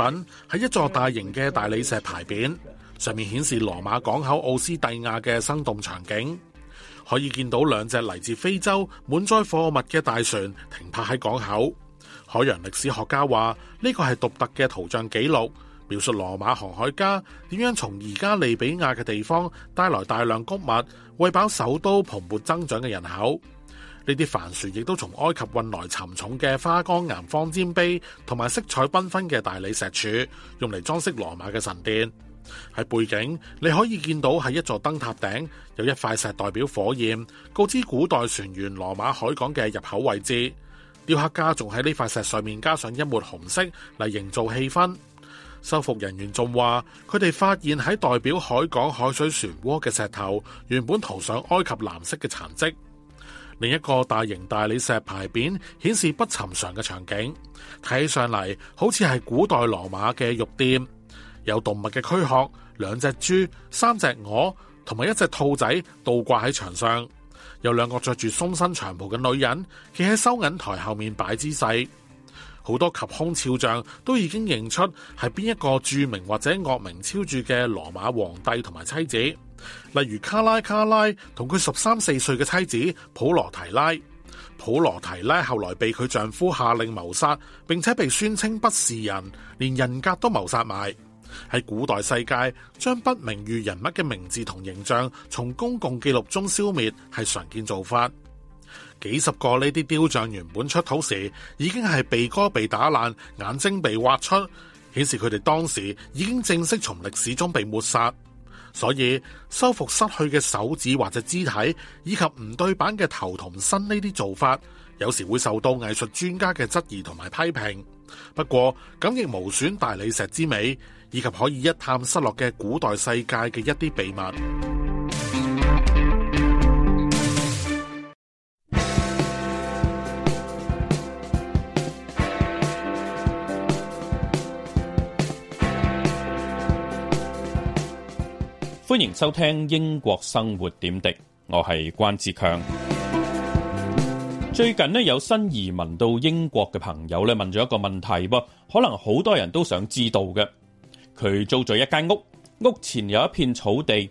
係一座大型嘅大理石牌匾，上面顯示羅馬港口奧斯蒂亞嘅生動場景。可以見到兩隻嚟自非洲滿載貨物嘅大船停泊喺港口。海洋歷史學家話：呢個係獨特嘅圖像記錄，描述羅馬航海家點樣從而家利比亞嘅地方帶來大量谷物，喂飽首都蓬勃增長嘅人口。呢啲帆船亦都從埃及運來沉重嘅花崗岩方尖碑同埋色彩繽紛嘅大理石柱，用嚟裝飾羅馬嘅神殿。喺背景，你可以見到喺一座燈塔頂有一塊石代表火焰，告知古代船員羅馬海港嘅入口位置。雕刻家仲喺呢塊石上面加上一抹紅色嚟營造氣氛。修復人員仲話，佢哋發現喺代表海港海水漩渦嘅石頭原本塗上埃及藍色嘅殘跡。另一個大型大理石牌匾顯示不尋常嘅場景，睇起上嚟好似係古代羅馬嘅肉店。有動物嘅軀殼，兩隻豬、三隻鵝同埋一隻兔仔倒掛喺牆上。有兩個着住鬆身長袍嘅女人，企喺收銀台後面擺姿勢。好多及胸肖像都已經認出係邊一個著名或者惡名昭著嘅羅馬皇帝同埋妻子，例如卡拉卡拉同佢十三四歲嘅妻子普羅提拉。普羅提拉後來被佢丈夫下令謀殺，並且被宣稱不是人，連人格都謀殺埋。喺古代世界，將不名譽人物嘅名字同形象從公共記錄中消滅係常見做法。幾十個呢啲雕像原本出土時已經係鼻哥被打爛，眼睛被挖出，顯示佢哋當時已經正式從歷史中被抹殺。所以修復失去嘅手指或者肢體，以及唔對版嘅頭同身呢啲做法，有時會受到藝術專家嘅質疑同埋批評。不過咁亦無損大理石之美。以及可以一探失落嘅古代世界嘅一啲秘密。歡迎收聽英國生活點滴，我係關志強。最近呢有新移民到英國嘅朋友咧問咗一個問題噃，可能好多人都想知道嘅。佢租咗一間屋，屋前有一片草地。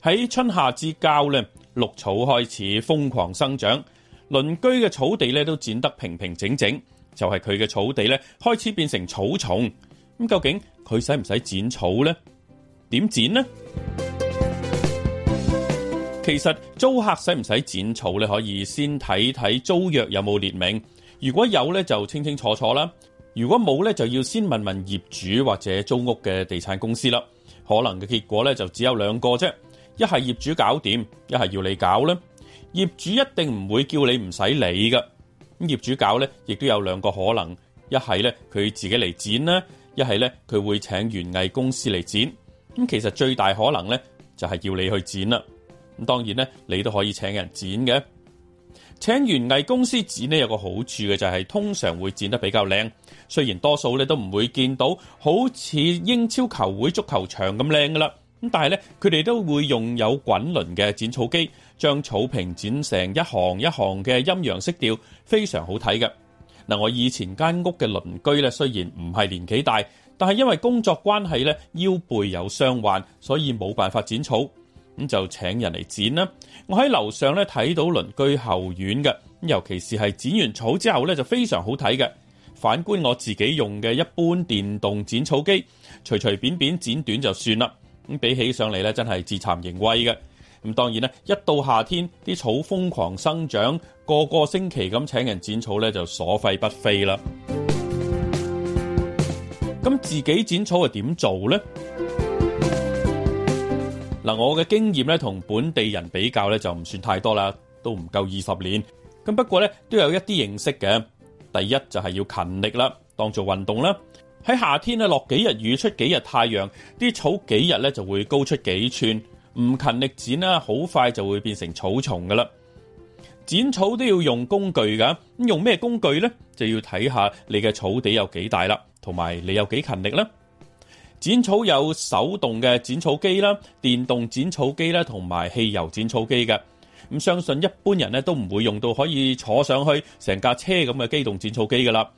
喺春夏之交呢，綠草開始瘋狂生長。鄰居嘅草地咧都剪得平平整整，就係佢嘅草地咧開始變成草叢。咁究竟佢使唔使剪草呢？點剪呢？ 其實租客使唔使剪草咧，可以先睇睇租約有冇列明。如果有咧，就清清楚楚啦。如果冇咧，就要先問問業主或者租屋嘅地產公司啦。可能嘅結果咧，就只有兩個啫。一係業主搞掂，一係要你搞咧。業主一定唔會叫你唔使理噶。咁業主搞咧，亦都有兩個可能：一係咧佢自己嚟剪咧，一係咧佢會請園藝公司嚟剪。咁其實最大可能咧，就係要你去剪啦。咁當然咧，你都可以請人剪嘅。請園藝公司剪呢，有個好處嘅就係、是、通常會剪得比較靚，雖然多數咧都唔會見到好似英超球會足球場咁靚噶啦，咁但係咧佢哋都會用有滾輪嘅剪草機，將草坪剪成一行一行嘅陰陽色調，非常好睇嘅。嗱，我以前間屋嘅鄰居咧，雖然唔係年紀大，但係因為工作關係咧腰背有傷患，所以冇辦法剪草。咁就請人嚟剪啦。我喺樓上咧睇到鄰居後院嘅，尤其是係剪完草之後咧就非常好睇嘅。反觀我自己用嘅一般電動剪草機，隨隨便便剪短就算啦。咁比起上嚟咧，真係自慚形穢嘅。咁當然咧，一到夏天啲草瘋，瘋狂生長，個個星期咁請人剪草咧就所費不菲啦。咁 自己剪草係點做呢？嗱，我嘅經驗咧，同本地人比較咧，就唔算太多啦，都唔夠二十年。咁不過咧，都有一啲認識嘅。第一就係要勤力啦，當做運動啦。喺夏天咧，落幾日雨，出幾日太陽，啲草幾日咧就會高出幾寸。唔勤力剪啦，好快就會變成草叢噶啦。剪草都要用工具噶，咁用咩工具呢？就要睇下你嘅草地有幾大啦，同埋你有幾勤力呢。剪草有手動嘅剪草機啦，電動剪草機啦，同埋汽油剪草機嘅。咁相信一般人咧都唔會用到可以坐上去成架車咁嘅機動剪草機噶啦。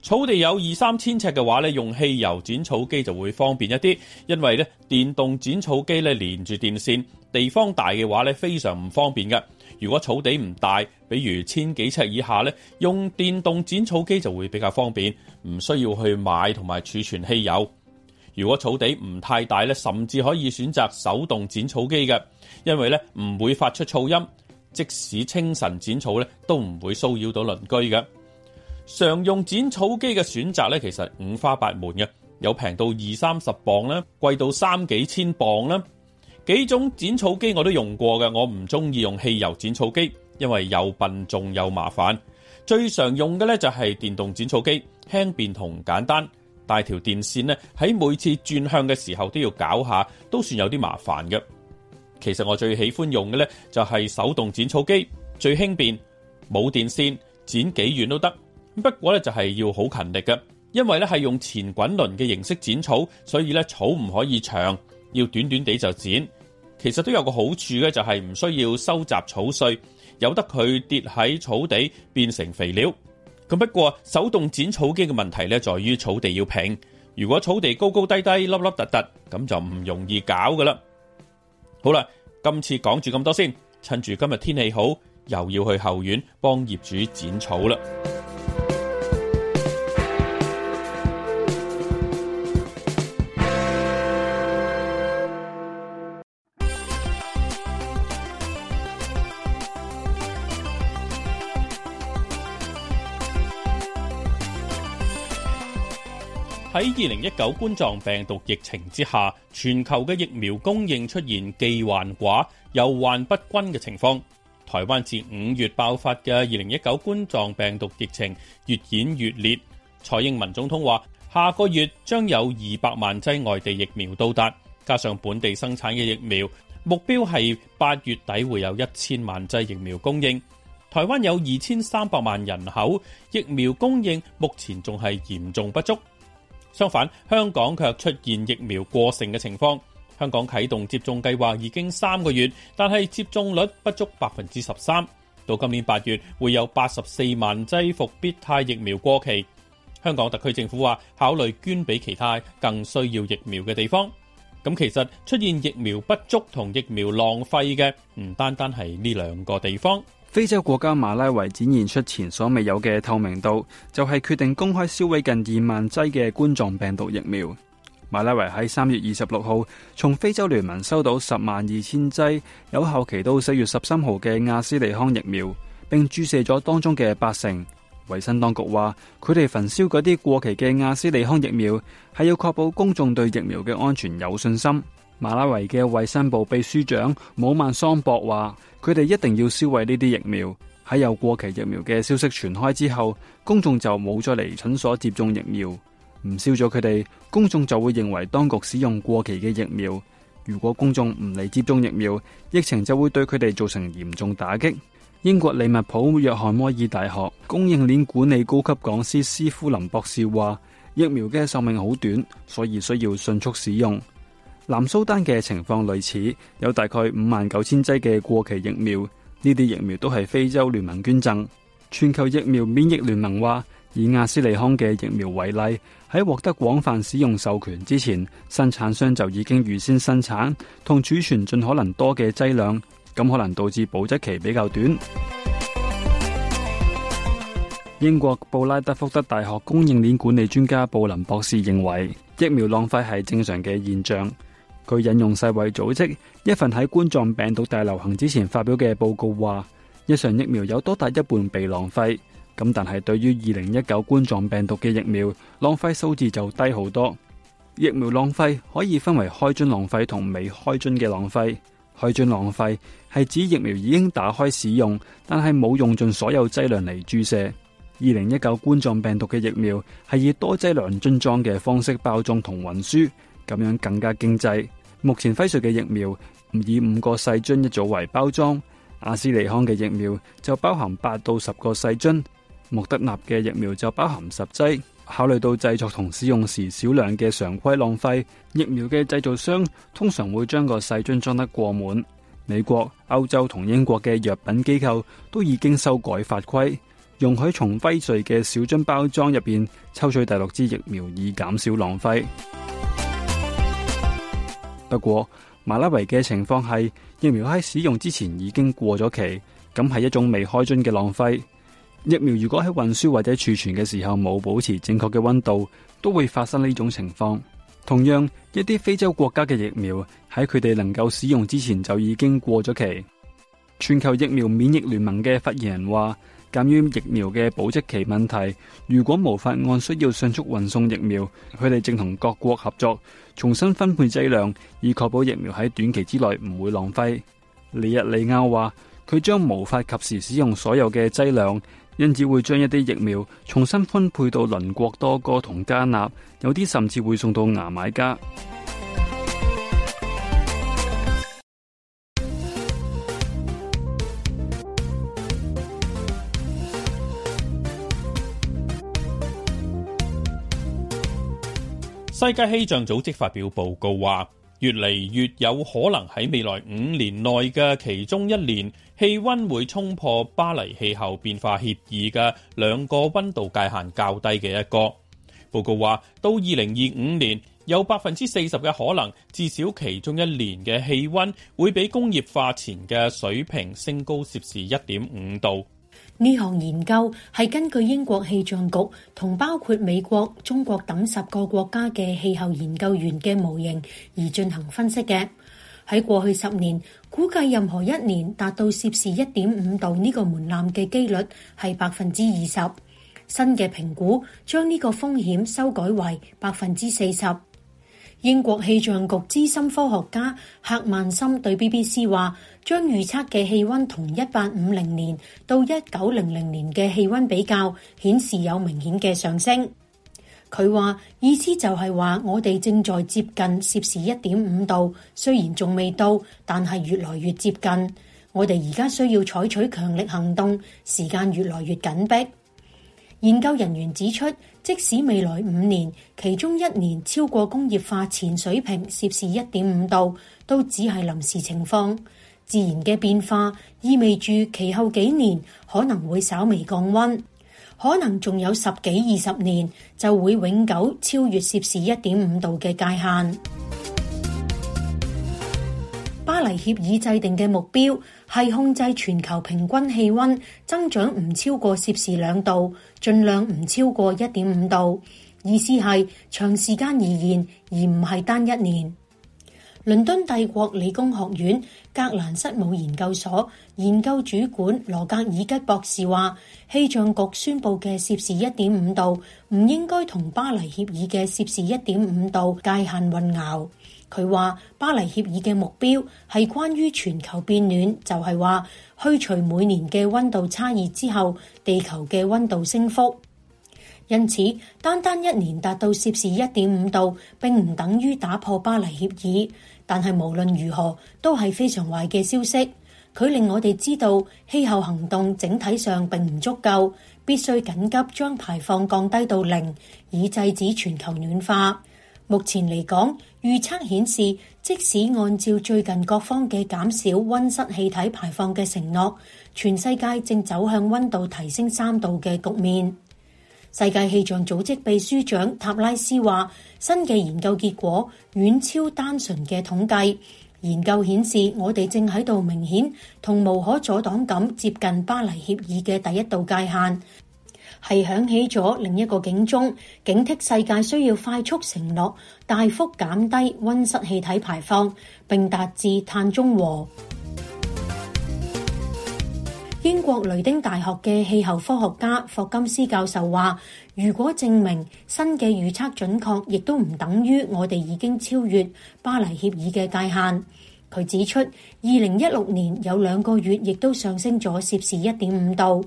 草地有二三千尺嘅話咧，用汽油剪草機就會方便一啲，因為咧電動剪草機咧連住電線，地方大嘅話咧非常唔方便嘅。如果草地唔大，比如千幾尺以下咧，用電動剪草機就會比較方便，唔需要去買同埋儲存汽油。如果草地唔太大咧，甚至可以選擇手動剪草機嘅，因為咧唔會發出噪音，即使清晨剪草咧都唔會騷擾到鄰居嘅。常用剪草機嘅選擇咧，其實五花八門嘅，有平到二三十鎊啦，貴到三幾千鎊啦。幾種剪草機我都用過嘅，我唔中意用汽油剪草機，因為又笨重又麻煩。最常用嘅咧就係電動剪草機，輕便同簡單。帶條電線呢，喺每次轉向嘅時候都要搞下，都算有啲麻煩嘅。其實我最喜歡用嘅呢，就係手動剪草機，最輕便，冇電線，剪幾遠都得。不過呢，就係要好勤力嘅，因為呢係用前滾輪嘅形式剪草，所以呢，草唔可以長，要短短地就剪。其實都有個好處呢，就係唔需要收集草碎，由得佢跌喺草地變成肥料。咁不過手動剪草機嘅問題咧，在於草地要平，如果草地高高低低，凹凹凸凸，咁就唔容易搞噶啦。好啦，今次講住咁多先，趁住今日天氣好，又要去後院幫業主剪草啦。喺二零一九冠狀病毒疫情之下，全球嘅疫苗供應出現既患寡又患不均嘅情況。台灣自五月爆發嘅二零一九冠狀病毒疫情越演越烈。蔡英文總統話，下個月將有二百萬劑外地疫苗到達，加上本地生產嘅疫苗，目標係八月底會有一千萬劑疫苗供應。台灣有二千三百萬人口，疫苗供應目前仲係嚴重不足。相反，香港卻出現疫苗過剩嘅情況。香港啟動接種計劃已經三個月，但係接種率不足百分之十三。到今年八月，會有八十四萬劑復必泰疫苗過期。香港特區政府話考慮捐俾其他更需要疫苗嘅地方。咁其實出現疫苗不足同疫苗浪費嘅唔單單係呢兩個地方。非洲國家馬拉維展現出前所未有嘅透明度，就係決定公開銷毀近二萬劑嘅冠狀病毒疫苗。馬拉維喺三月二十六號從非洲聯盟收到十萬二千劑有效期到四月十三號嘅亞斯利康疫苗，並注射咗當中嘅八成。衞生當局話，佢哋焚燒嗰啲過期嘅亞斯利康疫苗，係要確保公眾對疫苗嘅安全有信心。馬拉維嘅衛生部秘書長姆曼桑博話，佢哋一定要銷毀呢啲疫苗。喺有過期疫苗嘅消息傳開之後，公眾就冇再嚟診所接種疫苗。唔燒咗佢哋，公眾就會認為當局使用過期嘅疫苗。如果公眾唔嚟接種疫苗，疫情就會對佢哋造成嚴重打擊。英國利物浦約翰摩爾大學供應鏈管理高級講師斯夫林博士話，疫苗嘅壽命好短，所以需要迅速使用。南蘇丹嘅情況類似，有大概五萬九千劑嘅過期疫苗，呢啲疫苗都係非洲聯盟捐贈。全球疫苗免疫聯盟話，以阿斯利康嘅疫苗為例，喺獲得廣泛使用授權之前，生產商就已經預先生產同儲存盡可能多嘅劑量，咁可能導致保質期比較短。 英國布拉德福德大學供應鏈管理專家布林博士認為，疫苗浪費係正常嘅現象。佢引用世衛組織一份喺冠狀病毒大流行之前發表嘅報告話，日常疫苗有多達一半被浪費。咁但係對於二零一九冠狀病毒嘅疫苗，浪費數字就低好多。疫苗浪費可以分為開樽浪費同未開樽嘅浪費。開樽浪費係指疫苗已經打開使用，但係冇用盡所有劑量嚟注射。二零一九冠狀病毒嘅疫苗係以多劑量樽裝嘅方式包裝同運輸，咁樣更加經濟。目前輝瑞嘅疫苗唔以五個細樽一組為包裝，阿斯利康嘅疫苗就包含八到十個細樽，莫德納嘅疫苗就包含十劑。考慮到製作同使用時少量嘅常規浪費，疫苗嘅製造商通常會將個細樽裝得過滿。美國、歐洲同英國嘅藥品機構都已經修改法規，容許從輝瑞嘅小樽包裝入邊抽取第六支疫苗，以減少浪費。不過，馬拉維嘅情況係疫苗喺使用之前已經過咗期，咁係一種未開樽嘅浪費。疫苗如果喺運輸或者儲存嘅時候冇保持正確嘅溫度，都會發生呢種情況。同樣，一啲非洲國家嘅疫苗喺佢哋能夠使用之前就已經過咗期。全球疫苗免疫聯盟嘅發言人話：鑒於疫苗嘅保質期問題，如果無法按需要迅速運送疫苗，佢哋正同各國合作重新分配劑量，以確保疫苗喺短期之內唔會浪費。尼日利亞話佢將無法及時使用所有嘅劑量，因此會將一啲疫苗重新分配到鄰國多哥同加納，有啲甚至會送到牙買加。世界氣象組織發表報告話，越嚟越有可能喺未來五年內嘅其中一年氣溫會衝破巴黎氣候變化協議嘅兩個溫度界限較低嘅一個。報告話，到二零二五年有百分之四十嘅可能，至少其中一年嘅氣溫會比工業化前嘅水平升高攝氏一點五度。呢項研究係根據英國氣象局同包括美國、中國等十個國家嘅氣候研究員嘅模型而進行分析嘅。喺過去十年，估計任何一年達到攝氏一點五度呢個門檻嘅幾率係百分之二十。新嘅評估將呢個風險修改為百分之四十。英國氣象局資深科學家赫曼森對 BBC 話。將預測嘅氣溫同一八五零年到一九零零年嘅氣溫比較，顯示有明顯嘅上升。佢話意思就係話，我哋正在接近攝氏一點五度，雖然仲未到，但係越來越接近。我哋而家需要採取強力行動，時間越來越緊迫。研究人員指出，即使未來五年，其中一年超過工業化前水平攝氏一點五度，都只係臨時情況。自然嘅變化意味住其後幾年可能會稍微降溫，可能仲有十幾二十年就會永久超越攝氏一點五度嘅界限。巴黎協議制定嘅目標係控制全球平均氣溫增長唔超過攝氏兩度，盡量唔超過一點五度。意思係長時間而言，而唔係單一年。倫敦帝國理工學院格蘭瑟姆研究所研究主管羅格爾吉博士話：氣象局宣布嘅攝氏一點五度唔應該同巴黎協議嘅攝氏一點五度界限混淆。佢話巴黎協議嘅目標係關於全球變暖，就係話去除每年嘅温度差異之後，地球嘅温度升幅。因此，單單一年達到攝氏一點五度，並唔等於打破巴黎協議。但係無論如何，都係非常壞嘅消息，佢令我哋知道，氣候行動整體上並唔足夠，必須緊急將排放降低到零，以制止全球暖化。目前嚟講，預測顯示，即使按照最近各方嘅減少溫室氣體排放嘅承諾，全世界正走向溫度提升三度嘅局面。世界氣象組織秘書長塔拉斯話：新嘅研究結果遠超單純嘅統計。研究顯示，我哋正喺度明顯同無可阻擋咁接近巴黎協議嘅第一道界限，係響起咗另一個警鐘，警惕世界需要快速承諾大幅減低溫室氣體排放，並達至碳中和。英國雷丁大學嘅氣候科學家霍金斯教授話，如果證明新嘅預測準確，亦都唔等於我哋已經超越巴黎協議嘅界限。佢指出，二零一六年有兩個月亦都上升咗攝氏一點五度，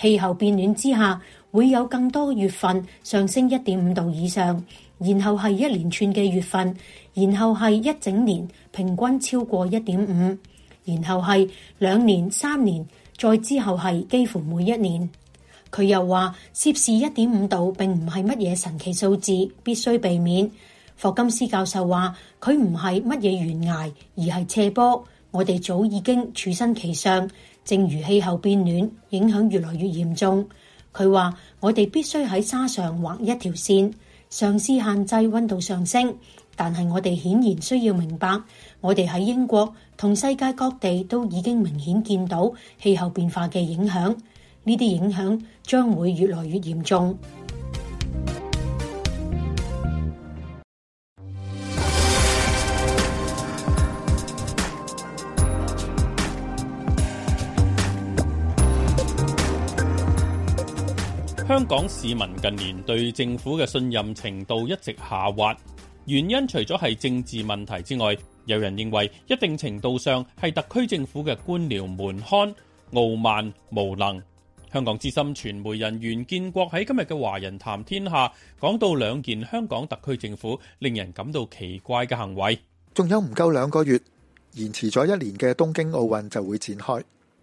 氣候變暖之下會有更多月份上升一點五度以上，然後係一連串嘅月份，然後係一整年平均超過一點五，然後係兩年、三年。再之後係幾乎每一年，佢又話攝氏一點五度並唔係乜嘢神奇數字，必須避免。霍金斯教授話佢唔係乜嘢懸崖，而係斜坡，我哋早已經處身其上。正如氣候變暖影響越來越嚴重，佢話我哋必須喺沙上畫一條線，嘗試限制溫度上升。但係我哋顯然需要明白，我哋喺英國同世界各地都已經明顯見到氣候變化嘅影響，呢啲影響將會越來越嚴重。香港市民近年對政府嘅信任程度一直下滑，原因除咗係政治問題之外。有人認為一定程度上係特區政府嘅官僚顢頇傲慢無能。香港資深傳媒人袁建國喺今日嘅《華人談天下》講到兩件香港特區政府令人感到奇怪嘅行為。仲有唔夠兩個月，延遲咗一年嘅東京奧運就會展開。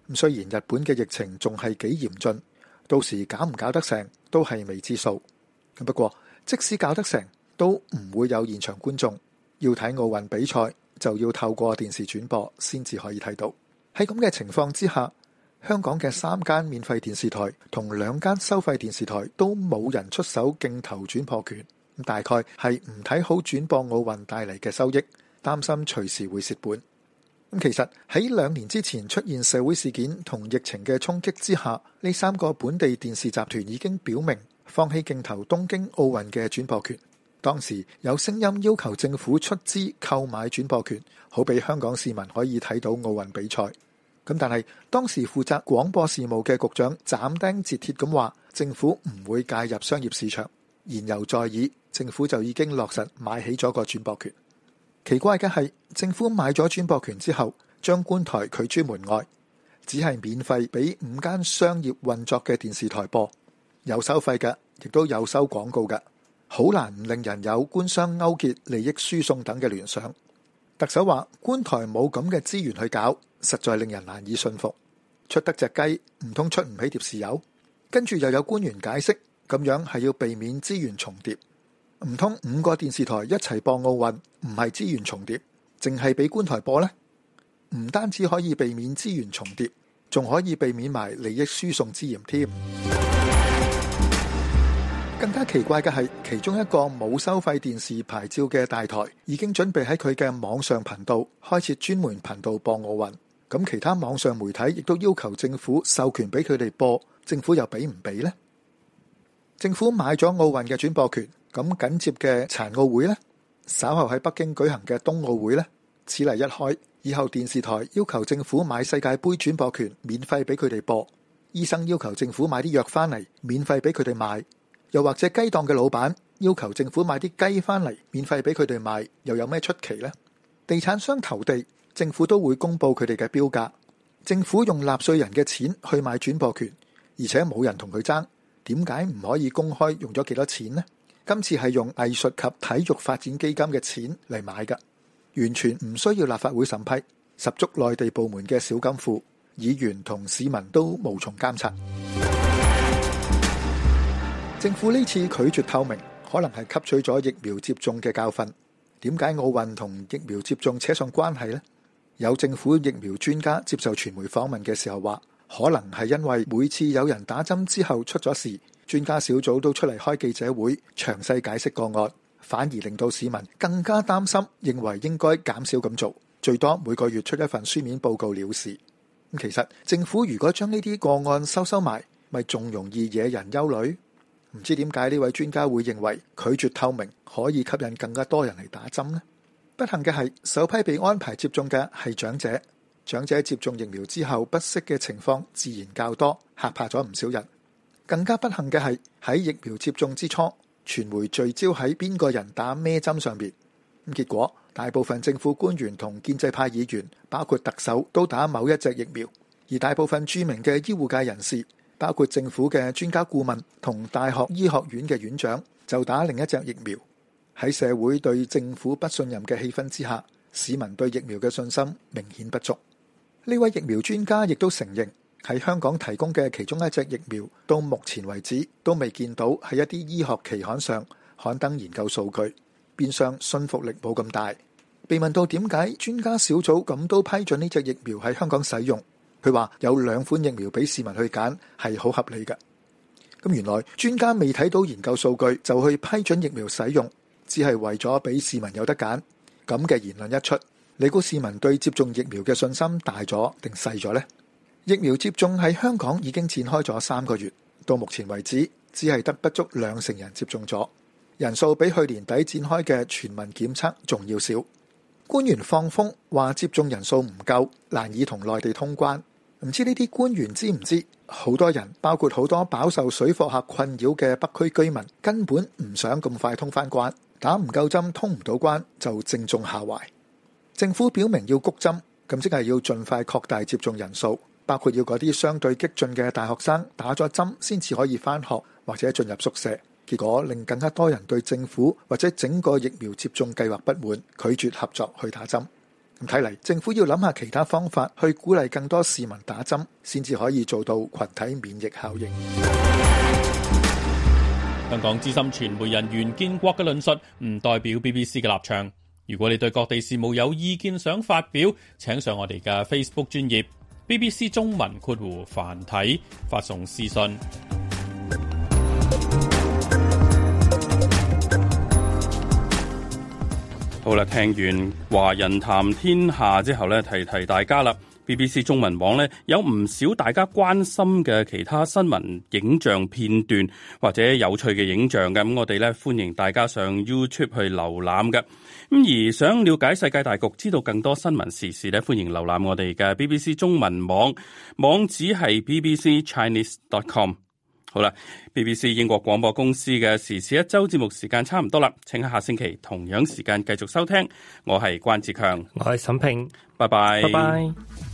咁雖然日本嘅疫情仲係幾嚴峻，到時搞唔搞得成都係未知數。不過即使搞得成，都唔會有現場觀眾，要睇奧運比賽就要透過電視轉播先至可以睇到。喺咁嘅情況之下，香港嘅三間免費電視台同兩間收費電視台都冇人出手競投轉播權，大概係唔睇好轉播奧運帶嚟嘅收益，擔心隨時會蝕本。咁其實喺兩年之前出現社會事件同疫情嘅衝擊之下，呢三個本地電視集團已經表明放棄競投東京奧運嘅轉播權。當時有聲音要求政府出資購買轉播權，好俾香港市民可以睇到奧運比賽。咁但係當時負責廣播事務嘅局長斬釘截鐵咁話，政府唔會介入商業市場。言猶在耳，政府就已經落實買起咗個轉播權。奇怪嘅係，政府買咗轉播權之後，將官台拒諸門外，只係免費俾五間商業運作嘅電視台播，有收費嘅，亦都有收廣告嘅。好難唔令人有官商勾結、利益輸送等嘅聯想。特首話官台冇咁嘅資源去搞，實在令人難以信服。出得隻雞，唔通出唔起碟豉油？跟住又有官員解釋，咁樣係要避免資源重疊。唔通五個電視台一齊播奧運，唔係資源重疊，淨係俾官台播呢？唔單止可以避免資源重疊，仲可以避免埋利益輸送之嫌添。更加奇怪嘅係，其中一個冇收費電視牌照嘅大台已經準備喺佢嘅網上頻道開設專門頻道播奧運。咁其他網上媒體亦都要求政府授權俾佢哋播，政府又俾唔俾咧？政府買咗奧運嘅轉播權，咁緊接嘅殘奧會咧，稍後喺北京舉行嘅冬奧會咧，此例一開，以後電視台要求政府買世界杯轉播權免費俾佢哋播，醫生要求政府買啲藥翻嚟免費俾佢哋買。又或者雞檔嘅老闆要求政府買啲雞翻嚟免費俾佢哋賣，又有咩出奇呢？地產商投地，政府都會公布佢哋嘅標價。政府用納稅人嘅錢去買轉播權，而且冇人同佢爭，點解唔可以公開用咗幾多錢呢？今次係用藝術及體育發展基金嘅錢嚟買噶，完全唔需要立法會審批，十足內地部門嘅小金庫，議員同市民都無從監察。政府呢次拒絕透明，可能係吸取咗疫苗接種嘅教訓。點解奧運同疫苗接種扯上關係呢？有政府疫苗專家接受傳媒訪問嘅時候話，可能係因為每次有人打針之後出咗事，專家小組都出嚟開記者會，詳細解釋個案，反而令到市民更加擔心，認為應該減少咁做，最多每個月出一份書面報告了事。其實政府如果將呢啲個案收收埋，咪仲容易惹人憂慮？唔知點解呢位專家會認為拒絕透明可以吸引更加多人嚟打針呢？不幸嘅係，首批被安排接種嘅係長者，長者接種疫苗之後不適嘅情況自然較多，嚇怕咗唔少人。更加不幸嘅係，喺疫苗接種之初，傳媒聚焦喺邊個人打咩針上邊，咁結果大部分政府官員同建制派議員，包括特首都打某一隻疫苗，而大部分著名嘅醫護界人士，包括政府嘅專家顧問同大學醫學院嘅院長就打另一隻疫苗。喺社會對政府不信任嘅氣氛之下，市民對疫苗嘅信心明顯不足。呢位疫苗專家亦都承認喺香港提供嘅其中一隻疫苗，到目前為止都未見到喺一啲醫學期刊上刊登研究數據，變相信服力冇咁大。被問到點解專家小組咁都批准呢隻疫苗喺香港使用？佢話有兩款疫苗俾市民去揀係好合理嘅。咁原來專家未睇到研究數據就去批准疫苗使用，只係為咗俾市民有得揀。咁嘅言論一出，你估市民對接種疫苗嘅信心大咗定細咗呢？疫苗接種喺香港已經展開咗三個月，到目前為止只係得不足兩成人接種咗，人數比去年底展開嘅全民檢測仲要少。官員放風話接種人數唔夠，難以同內地通關。唔知呢啲官員知唔知？好多人，包括好多飽受水貨客困擾嘅北區居民，根本唔想咁快通翻關。打唔夠針，通唔到關，就正中下懷。政府表明要谷針，咁即係要盡快擴大接種人數，包括要嗰啲相對激進嘅大學生打咗針先至可以翻學或者進入宿舍。結果令更加多人對政府或者整個疫苗接種計劃不滿，拒絕合作去打針。睇嚟，政府要諗下其他方法，去鼓勵更多市民打針，先至可以做到群體免疫效應。香港資深傳媒人袁建國嘅論述唔代表 BBC 嘅立場。如果你對各地事務有意見想發表，請上我哋嘅 Facebook 專頁 BBC 中文括弧繁體發送私信。好啦，聽完華人談天下之後咧，提提大家啦。BBC 中文網咧有唔少大家關心嘅其他新聞影像片段或者有趣嘅影像嘅，咁我哋咧歡迎大家上 YouTube 去瀏覽嘅。咁而想了解世界大局，知道更多新聞時事咧，歡迎瀏覽我哋嘅 BBC 中文網，網址係 BBC Chinese dot com。好啦，BBC 英國廣播公司嘅時事一周節目時間差唔多啦，請喺下星期同樣時間繼續收聽。我係關志強，我係沈平，拜拜 bye，拜拜。